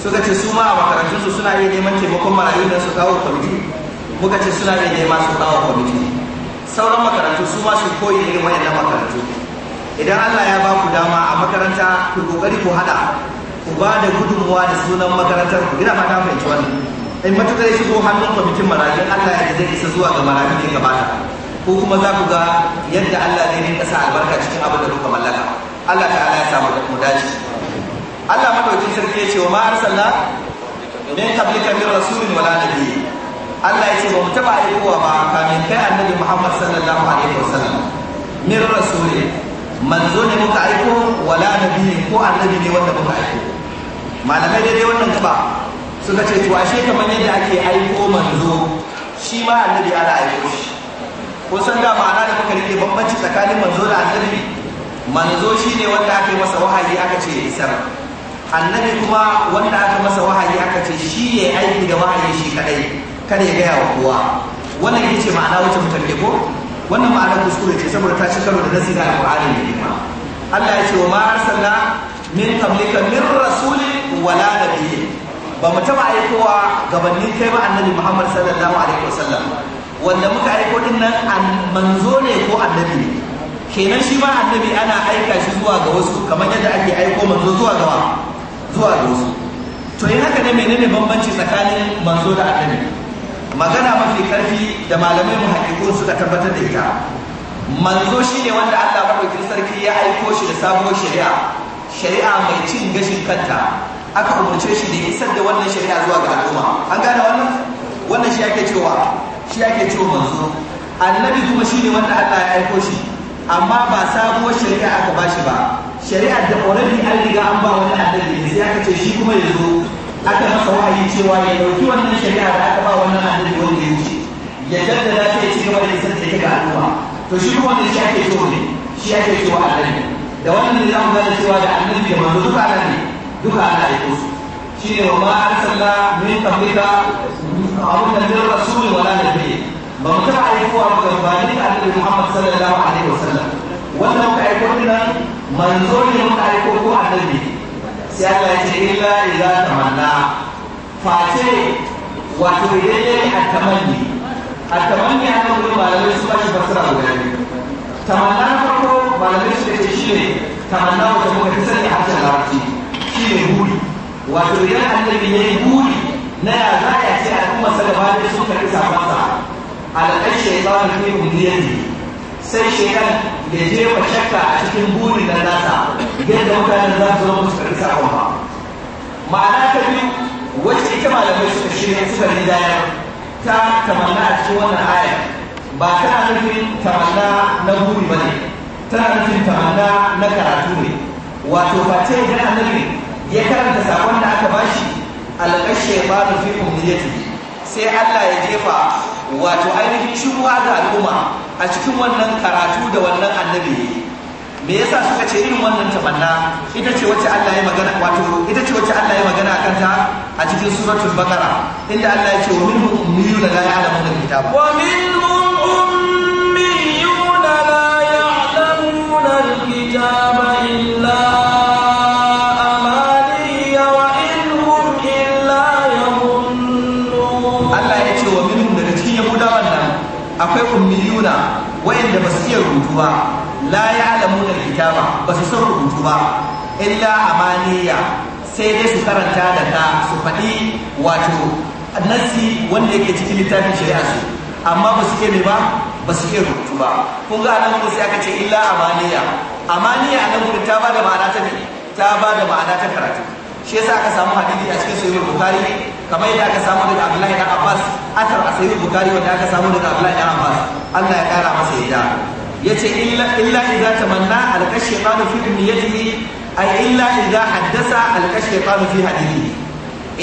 suka ce su ma a makarantunsu suna iya neman taimakon marayu da su kawo kwamiti muka ce suna iya neman su kawo kwamiti sauran makarantu su ma su koyi irin waɗannan makarantu idan Allah ya ba ku dama a makaranta ku kokari ku hada ku ba da gudunmuwa da sunan makarantar ku ina fata fahimci wannan in matuƙar ya shigo hannun kwamitin marayu Allah ya zai isa zuwa ga marayu ne gabata ko kuma za ku ga yadda Allah zai rinka sa albarka cikin abin da kuka mallaka Allah ta'ala ya samu kuma dace Allah madaukakin sarki ya ce wa ma arsalna min qablika min rasulin wala nabiy Allah ya ce ba mu taba aikowa ba kamin kai annabi Muhammad sallallahu alaihi wasallam min rasulin manzo ne muka aiko wala nabiy ko annabi ne wanda muka aiko malamai dai wannan tuba suka ce to ashe kamar yadda ake aiko manzo shi ma annabi ana aiko shi kun san da ma'ana da kuka rike bambanci tsakanin manzo da annabi manzo shine wanda aka yi masa wahayi aka ce ya isar annabi kuma wanda aka masa wahayi aka ce shi ya aiki da wahayi shi kadai kada ya gaya wa kowa wannan yace ce ma'ana wacce mutum ko wannan ma'ana kuskure ce saboda ta ci karo da nasi da alqur'ani da kuma Allah ya ce wa ma arsalna min qablika min rasulin wala nabiyyin ba mu taba aikowa gabanin kai ba annabi Muhammad sallallahu alaihi wasallam wanda muka aiko din nan manzo ne ko annabi ne kenan shi ma annabi ana aika shi zuwa ga wasu kamar yadda ake aiko manzo zuwa ga zuwa ga wasu to yin haka ne menene bambanci tsakanin manzo da annabi magana mafi karfi da malamai mu su suka tabbatar da ita manzo shine wanda Allah madaukakin sarki ya aiko shi da sabuwar shari'a shari'a mai cin gashin kanta aka umarce shi da isar da wannan shari'a zuwa ga al'umma an gane wannan wannan shi ake cewa shi ake cewa manzo annabi kuma shine wanda Allah ya aiko shi amma ba sabuwar shari'a aka bashi ba shari'a da already an riga an ba wani annabi ne sai aka ce shi kuma ya zo aka masa wahayi cewa ya dauki wannan shari'a da aka ba wannan annabi wanda ya wuce ya jaddada sai ya ci gaba da isar da ita ga al'umma to shi kuma wannan shi ake cewa ne shi ake cewa annabi da wannan ne za mu gane cewa da annabi da manzo duka ana ne duka ana aiko su shine wa ma arsalna min a abun da jin rasul wala nabi ba mu ta taɓa aikowa ba gabanin annabi Muhammad sallallahu alaihi wasallam wanda muka aiko dinan manzo ne muka aiko ko annabi sai Allah ya ce illa za ta tamanna face wato idan yayi atamanni atamanni a kan gurin malamai su ba shi fasara guda biyu tamanna farko malamai su ke ce shi ne tamanna wata muka fi sani a harshen larabci shi ne buri wato idan annabi ya yi buri na ya za a ce al'umma da ne sun karɓi safansa alaƙar shaitan fi umniyati sai shaitan ya jefa shakka a cikin burin da nasa yadda mutanen za su zama su karɓi sakon ba ma'ana ta biyu wacce ita malamai suka shirya suka ridaya ta tamanna a cikin wannan aya ba tana nufin tamanna na buri ba ne tana nufin tamanna na karatu ne wato face idan annabi ya karanta sakon da aka bashi alƙashe ba da fi umniyati sai Allah ya jefa wato ainihin shubha ga al'umma a cikin wannan karatu da wannan annabi me yasa suka ce irin wannan tamanna ita ce wacce Allah ya magana wato ita ce wacce Allah ya magana kanta a cikin suratul baqara inda Allah ya ce wa minhum ummiyuna la ya'lamuna kitaba wa minhum ba la ya da kitaba ba su san rubutu ba illa amaniya sai dai su karanta da ta su faɗi wato nasi wanda yake cikin littafin shari'a su amma ba su ke mai ba ba su ke rubutu ba kun ga nan ko sai aka ce illa amaniya amaniya a nan ta ba da ma'ana ta ne ta ba da ma'ana ta karatu shi yasa aka samu hadisi a cikin sahihul bukhari kamar yadda aka samu daga abdullahi dan abbas athar a sahih bukhari wanda aka samu daga abdullahi dan abbas Allah ya kara masa yadda ya illa illa idza tamanna alqa shaytanu fi niyyatihi ay illa idza haddasa alqa shaytanu fi hadithi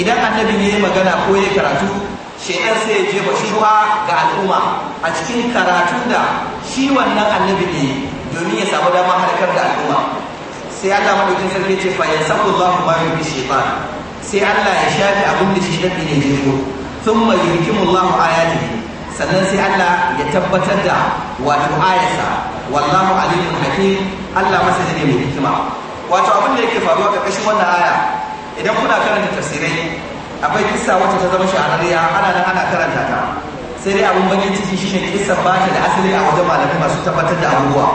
idan annabi ne magana ko ya karatu shaytan sai ya jefa shuwa ga al'umma a cikin karatu da shi wannan annabi ne domin ya samu damar harkar da al'umma sai Allah madaukin sarki ce fa yasabu Allahu ma yubi shaytan sai Allah ya shafi abin da shi shafi ne jefo thumma yurkimu Allahu ayatihi sannan sai Allah ya tabbatar da wato ayasa wallahu alimul hakim Allah masa ne mai hikima wato abin da yake faruwa kashin wannan aya idan kuna karanta tafsirai akwai kissa wacce ta zama shahararriya ana nan ana karanta ta sai dai abin bakin ciki shine kissa ba ta da asali a wajen malamai masu tabbatar da abubuwa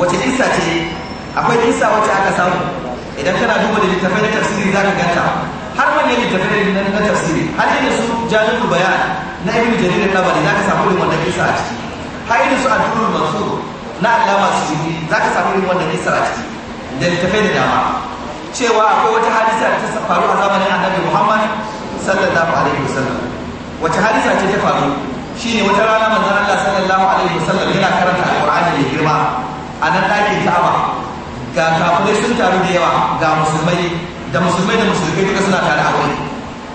wacce kissa ce akwai kissa wacce aka samu idan kana duba da littafai na tafsiri za ganta har manyan da nan na tafsiri har irin su jalibul bayan na ibn jarir da tabari zaka samu irin wannan kisa a ciki har irin su adurul mansur na alama su za zaka samu irin wannan kisa a ciki da tafiya da dama cewa akwai wata hadisa da ta faru a zamanin annabi muhammad sallallahu alaihi wasallam wata hadisa ce ta faru shine wata rana manzon Allah sallallahu alaihi wasallam yana karanta alqur'ani da girma a nan ɗakin ta'aba ga kafirai sun taru da yawa ga musulmai da musulmai da musulmai duka suna tare a wani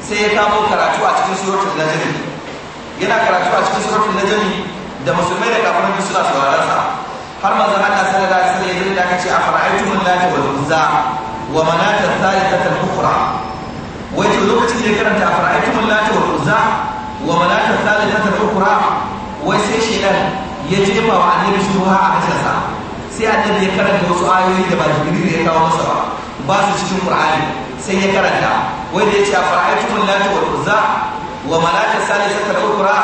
sai ya kamo karatu a cikin suratul najmi yana karatu a cikin suratul najmi da musulmai da kafirai suna sauraron sa har manzon Allah sallallahu alaihi wasallam ya dinda kace a mun lati wal uzza wa manat al-thalithah al-ukhra wai to lokacin da ya karanta a mun lati wal uzza wa manat al-thalithah al-ukhra wai sai dan ya jefa wa annabi shubha a cikin sai annabi ya karanta wasu ayoyi da ba jibril ya kawo masa ba ba su cikin qur'ani sai ya karanta wai da yace fara'aytum lati wal uzza wa malaka salisata al-ukra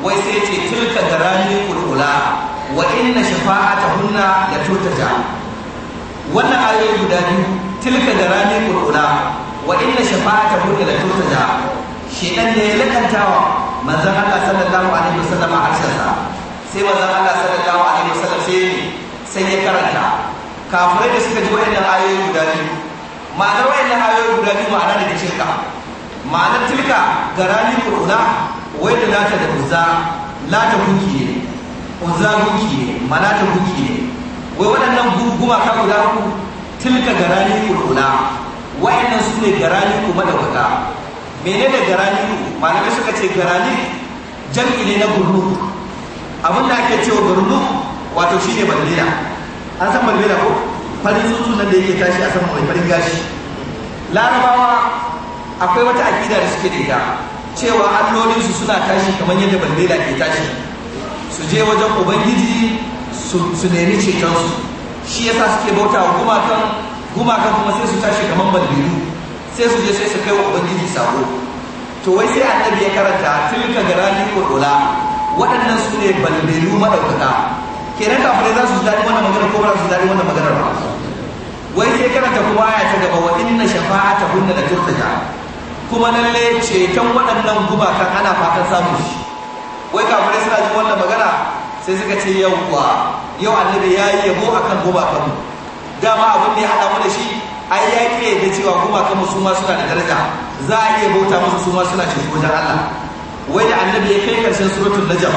wai sai yace tilka garani qulula wa inna shafa'atahunna la tutaja wannan ayoyi guda biyu tilka garani qulula wa inna shafa'atahunna la tutaja shedan ne ya lakantawa manzon Allah sallallahu alaihi wasallam a harshen sa sai manzon Allah sallallahu alaihi wasallam sai sai ya karanta kafirai da suka ji wa'annan ayoyi guda biyu ma'anar wa'annan ayoyi guda biyu ma'ana daga shirka ma'anar tilka ga rani kuruna wai da lata da uzza lata gunki ne uzza gunki ne ta gunki ne wai waɗannan ka guda uku tilka ga rani kuruna wa'annan su ne garani ku madaukaka menene garani ku malamai suka ce rani jam'i ne na gurnu abinda da ake cewa gurnu wato shine bandira an san balbela ko farin tsuntsu nan da yake tashi a sama mai farin gashi larabawa akwai wata akida da suke da ita cewa allolinsu suna tashi kamar yadda balbela ke tashi su je wajen ubangiji su nemi cetonsu shi yasa suke bauta wa gumakan gumakan kuma sai su tashi kamar balbelu sai su je sai su kai wa ubangiji sako to wai sai annabi ya karanta tilka garani ko dola waɗannan su ne balbelu maɗaukaka kenan kafin za su dadi wannan magana ko ba su dadi wannan magana ba wai sai karanta kuma ya ta gaba wa inna shafa'ata hunna la turtaja kuma ce kan waɗannan gumakan ana fatan samu. shi wai kafin suna jin wannan magana sai suka ce yawwa yau annabi ya yi yabo akan gumakan mu dama abin da ya haɗa mu da shi ai ya ƙi da cewa gumakan mu su ma suna da daraja za a iya bauta musu su ma suna cikin wajen Allah wai da annabi ya kai karshen suratul najm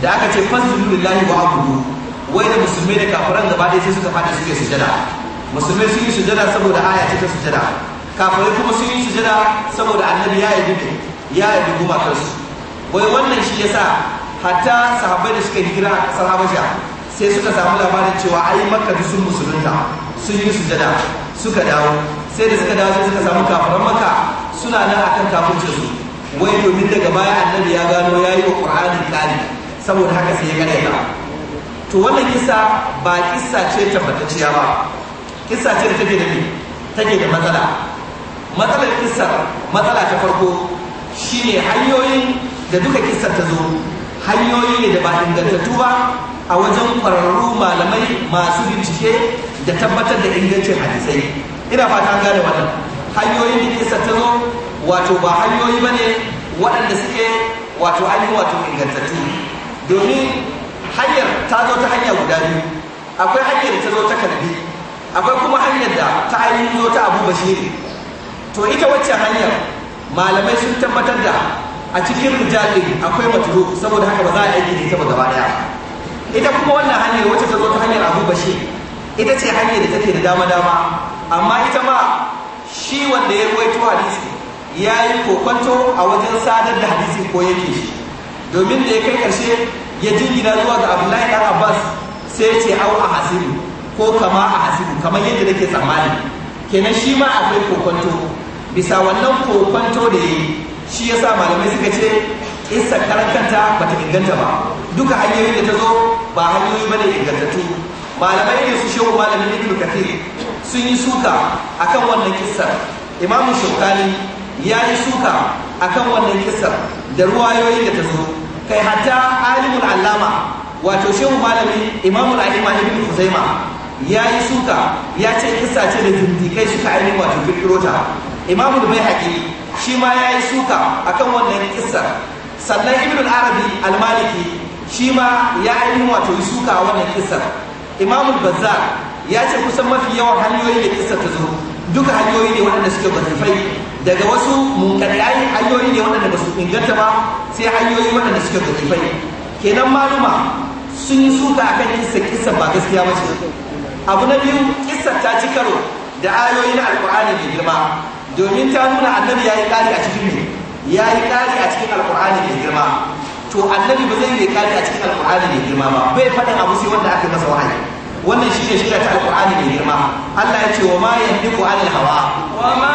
da aka ce fasjudu lillahi wa abudu wai da musulmai da kafiran gaba ɗaya sai suka fada suke sujada musulmai sun yi sujada saboda aya ce ta sujada kafirai kuma sun yi sujada saboda annabi ya yi dubi ya yi dubu su. wai wannan shi ya sa hatta sahabbai da suka hijira kasar habasha sai suka samu labarin cewa ai makka sun musulunta sun yi sujada suka dawo sai da suka dawo sai suka samu kafiran makka suna nan akan kafin su wai domin daga baya annabi ya gano ya yi wa qur'anin ƙari. saboda haka sai ya gane ta to wannan kisa ba kisa ce tabbatacciya ba kisa ce da take da ni take da matsala matsalar kisa matsala ta farko shine hanyoyin da duka kisa ta zo hanyoyi ne da ba ingantattu ba a wajen kwararru malamai masu bincike da tabbatar da ingancin hadisai ina fata gane wannan hanyoyin da kisa ta zo wato ba hanyoyi ba ne waɗanda suke wato ainihin wato ingantattu domin hanyar ta zo ta hanya guda biyu akwai hanyar ta zo ta kalbi akwai kuma hanyar da ta ainihin zo ta abu bashiri to ita wacce hanyar malamai sun tabbatar da a cikin rijalin akwai matulu saboda haka ba za a aiki da ita ba gaba daya ita kuma wannan hanyar wacce ta zo ta hanyar abu bashir ita ce hanyar da take da dama dama amma ita ma shi wanda ya ruwaito hadisi ya yi kokonto a wajen sadar da hadisi ko yake shi domin da ya kai karshe ya jingina zuwa ga abdullahi dan abbas sai ya ce au a hasiru ko kama a hasiru kamar yadda nake tsammani kenan shi ma akwai kokwanto bisa wannan kokwanto da ya yi shi sa malamai suka ce isa karakanta ba ta inganta ba duka hanyoyin da ta zo ba hanyoyi ba ne ingantattu malamai ne su shehu malamin ibnu kathir sun yi suka akan wannan kissar imamu shaukani ya yi suka akan wannan kissar da ruwayoyin da ta zo kai hatta alimul alama wato shehu malami imamul a'imma ibn huzaima ya yi suka ya ce kissa ce da dindikai suka ainihin wato kirkiro ta imamul bai haƙi shi ma ya yi suka akan wannan kissa sannan ibn arabi almaliki maliki shi ma ya ainihin wato yi suka wannan kissa imamul bazzar ya ce kusan mafi yawan hanyoyi da kissa ta zo duka hanyoyi ne waɗanda suke bazifai daga wasu yi hanyoyi ne waɗanda ba su inganta ba sai hanyoyi waɗanda suke gajifai kenan maluma sun yi suka akan kisa kisa ba gaskiya ba ce abu na biyu kisa ta ci karo da ayoyi na alkur'ani mai girma domin ta nuna annabi ya yi ƙari a cikin ne ya yi kari a cikin alkur'ani mai girma to annabi ba zai yi ƙari a cikin alkur'ani mai girma ba bai faɗin abu sai wanda aka masa wahayi wannan shi ne shirya ta alkur'ani mai girma Allah ya ce wa ma yandiku anil hawa wa ma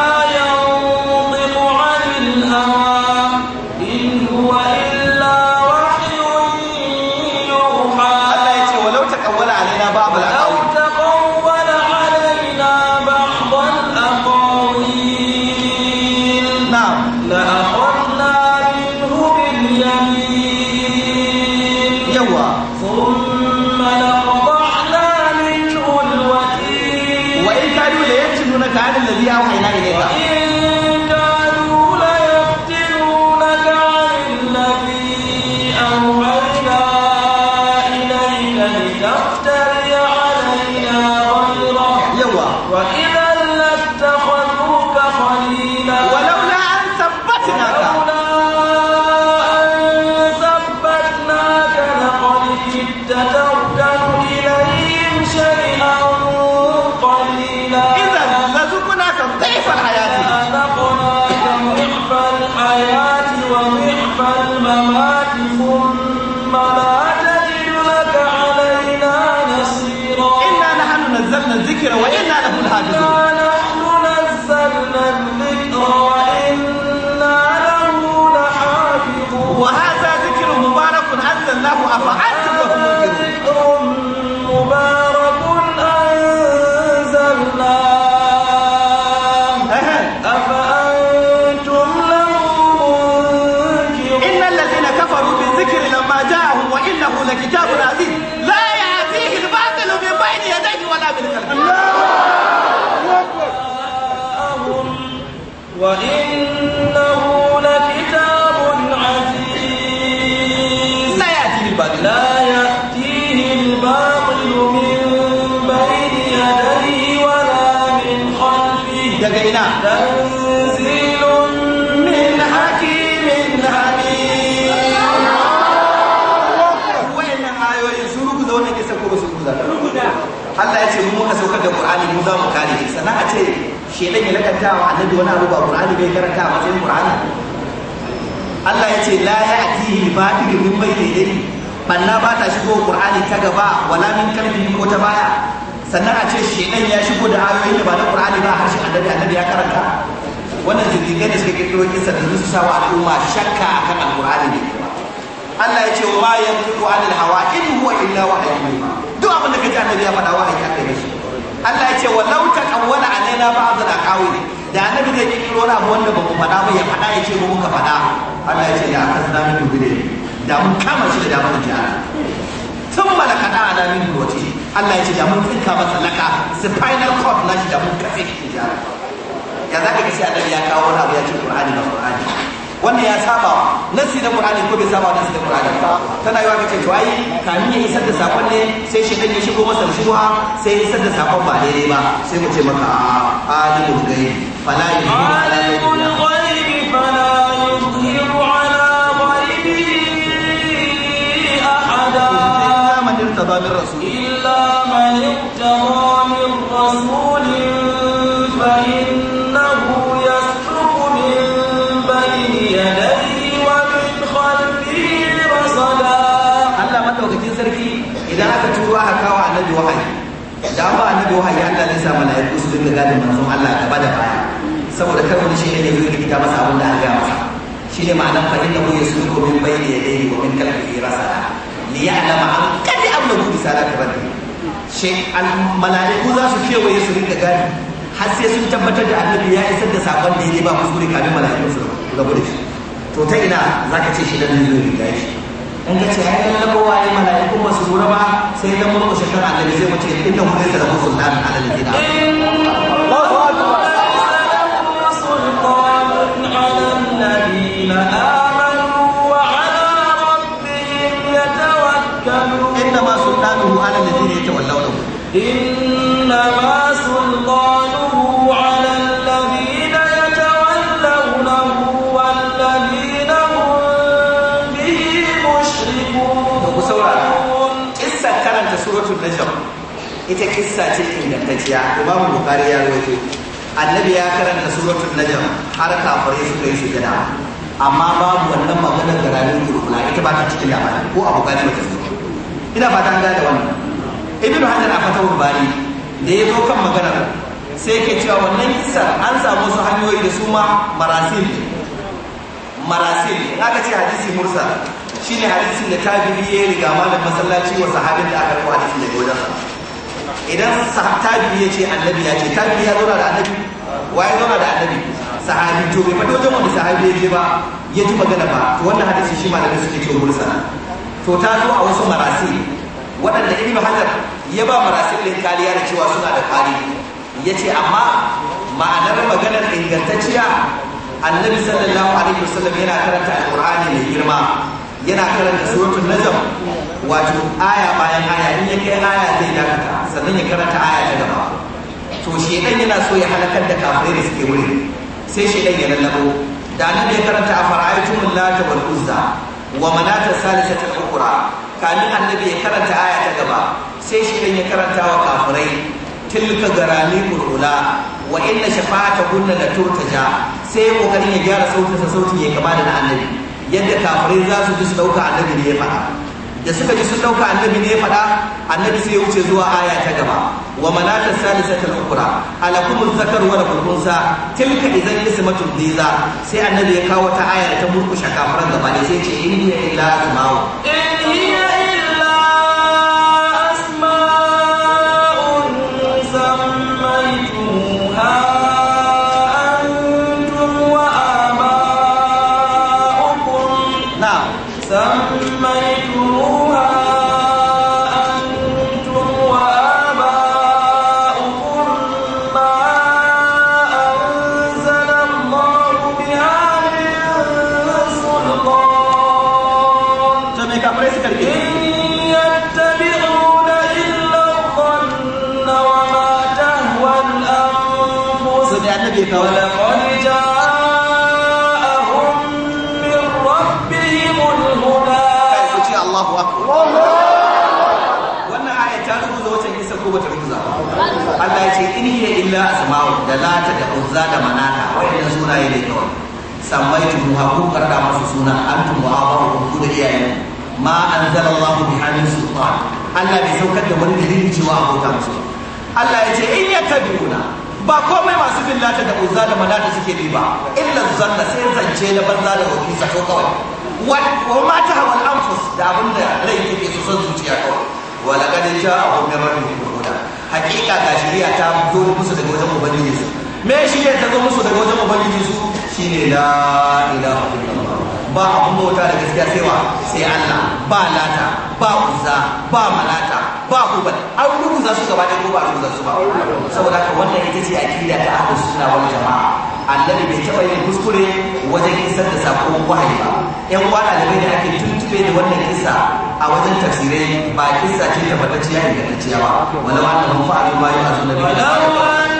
Allah ya ce mu muka saukar da Qur'ani mu za mu kare shi sannan a ce shedan ya lakanta wa annabi wani abu ba Qur'ani bai karanta a matsayin Qur'ani Allah ya ce la ya'tihi al min bayni yadayhi banna ba ta shigo Qur'ani ta gaba wala min kalbihi ko ta baya sannan a ce shedan ya shigo da ayoyin da ba na Qur'ani ba harshen annabi annabi ya karanta wannan jirgin da suka kirkiro kinsa da su sa wa al'umma shakka akan al-Qur'ani ne Allah ya ce wa ma yantiqu anil hawa in huwa illa wahyun yuha duk abin da kaji annabi ya faɗa wa aka yi shi Allah ya ce walau taqawwala alaina ba'd al-aqawili da annabi zai yi wani abu wanda ba ku faɗa ba ya faɗa ya ce mu muka faɗa Allah ya ce ya aka zana min dubire da mun kama shi da ji ana tun malaka da ana min gote Allah ya ce da mun tsinka salaka laka spinal cord na shi da mun kafe shi jihar ya zaka ka ga sai annabi ya kawo wani abu ya ce Qur'ani ba Qur'ani wannan ya saba nasi da qur'ani ko bai saba nasi na qur'ani tana yawa kace to ai kamin ya isar da sakon ne sai shi dan ya shigo masa shuha sai ya isar da sakon ba daidai ba sai mu ce maka alimul ghaib fala yuzhiru ala ghaibihi ahada illa man irtada min rasul illa man irtada min rasul riga da manzon Allah gaba da baya saboda kar wani shi ne zai rikita masa abin da an ga masa shi ne ma'anar fa inna hu yasluku min bayni yadayhi wa min khalfihi rasala li ya'lama an qad bi risalata rabbi shi al malaiku za su kewaye su rinka gani har sai sun tabbatar da annabi ya isar da sakon da yake ba kuskure kamin malaiku su ga gode shi to ta ina zaka ce shi da zai zo riga shi in ka ce ai lalle kowa ya malaikun ba su ba sai dan mun shekara annabi zai mace inna hu laysa lahu sultan ala al-kitab ita kissa ce ingantacciya imamu bukari ya rawaito annabi ya karanta suratul najm har kafirai suka yi sujada amma babu wannan maganar da rayuwar ita ba ta cikin labarin ko a bukari ba ta ina fata an gane wannan ibn hajar a fatawar bari da ya zo kan maganar sai ke cewa wannan kisa an samu wasu hanyoyi da su ma marasil marasil aka ce hadisi mursa ne hadisin da biyu ya riga malam masallaci wa sahabin da aka rawa hadisin da wajensa idan biyu ya ce annabi ya ce biyu ya zauna da annabi wa ya zauna da annabi sahabi to bai faɗi wajen wanda sahabi ya je ba ya ji magana ba to wannan hadisi shi malamin suke ce mursa to ta zo a wasu marasil waɗanda ibn hajar ya ba marasilin kariya da cewa suna da kari ya ce amma ma'anar maganar ingantacciya annabi sallallahu alaihi wasallam yana karanta alqur'ani mai girma yana karanta suratul najm wato aya bayan aya in ya kai aya zai dakata sannan ya karanta aya ta gaba to shedan yana so ya halakar da kafirai da suke wuri sai shedan ya lallabo da annabi ya karanta a fara'aytumul lata wal uzza wa manata Salisa ta ukhra kamin annabi ya karanta aya ta gaba sai shi ya karanta wa kafirai tilka garami kurkula wa inna shafa'ata kunna la turtaja sai kokarin ya gyara sautin sa sautin ya kama da annabi yadda kafirai za su ji su dauka annabi ne ya faɗa da suka ji sun dauka annabi ne ya faɗa annabi sai ya wuce zuwa aya ta gaba wa manata salisatul ukra alakum zakar wa lakum tilka idan ismatun diza sai annabi ya kawo ta aya ta murkushe kafiran gaba ne sai ce in hiya illa asma'u in hiya ولقد جاءهم من ta ko bata rubuta ba Allah ya ce in illa da lata da uzza da manata wayannan sunaye ne kawai sammaitu mu haku masu suna antum wa bi Allah bai saukar da Allah ya ce in ba komai masu bin lata da uzza da malata suke bi ba illa zanna sai zance na banza da sa sato kawai wa ma ta hawa anfus da abin da rai ke ke son zuciya kawai wa laqad ja'a min rabbihim huda hakika ta shari'a ta zo musu daga wajen ubangiji su me shi ne ta zo musu daga wajen ubangiji su shine la ilaha illallah ba abun bauta da gaskiya sai wa sai Allah ba lata ba uza ba malata ba hubal an za su gaba da ko ba za su ba saboda haka wannan ita ce akida ta ahlus sunna wal jama'a annabi bai taɓa yin kuskure wajen isar da sakon wahayi ba yan uwa ɗalibai da ake tuntube da wannan kisa a wajen tafsirai ba kisa ce tabbatacciya ingantacciya ba wala ma ta mun fa'alu bayan yu'azuna bihi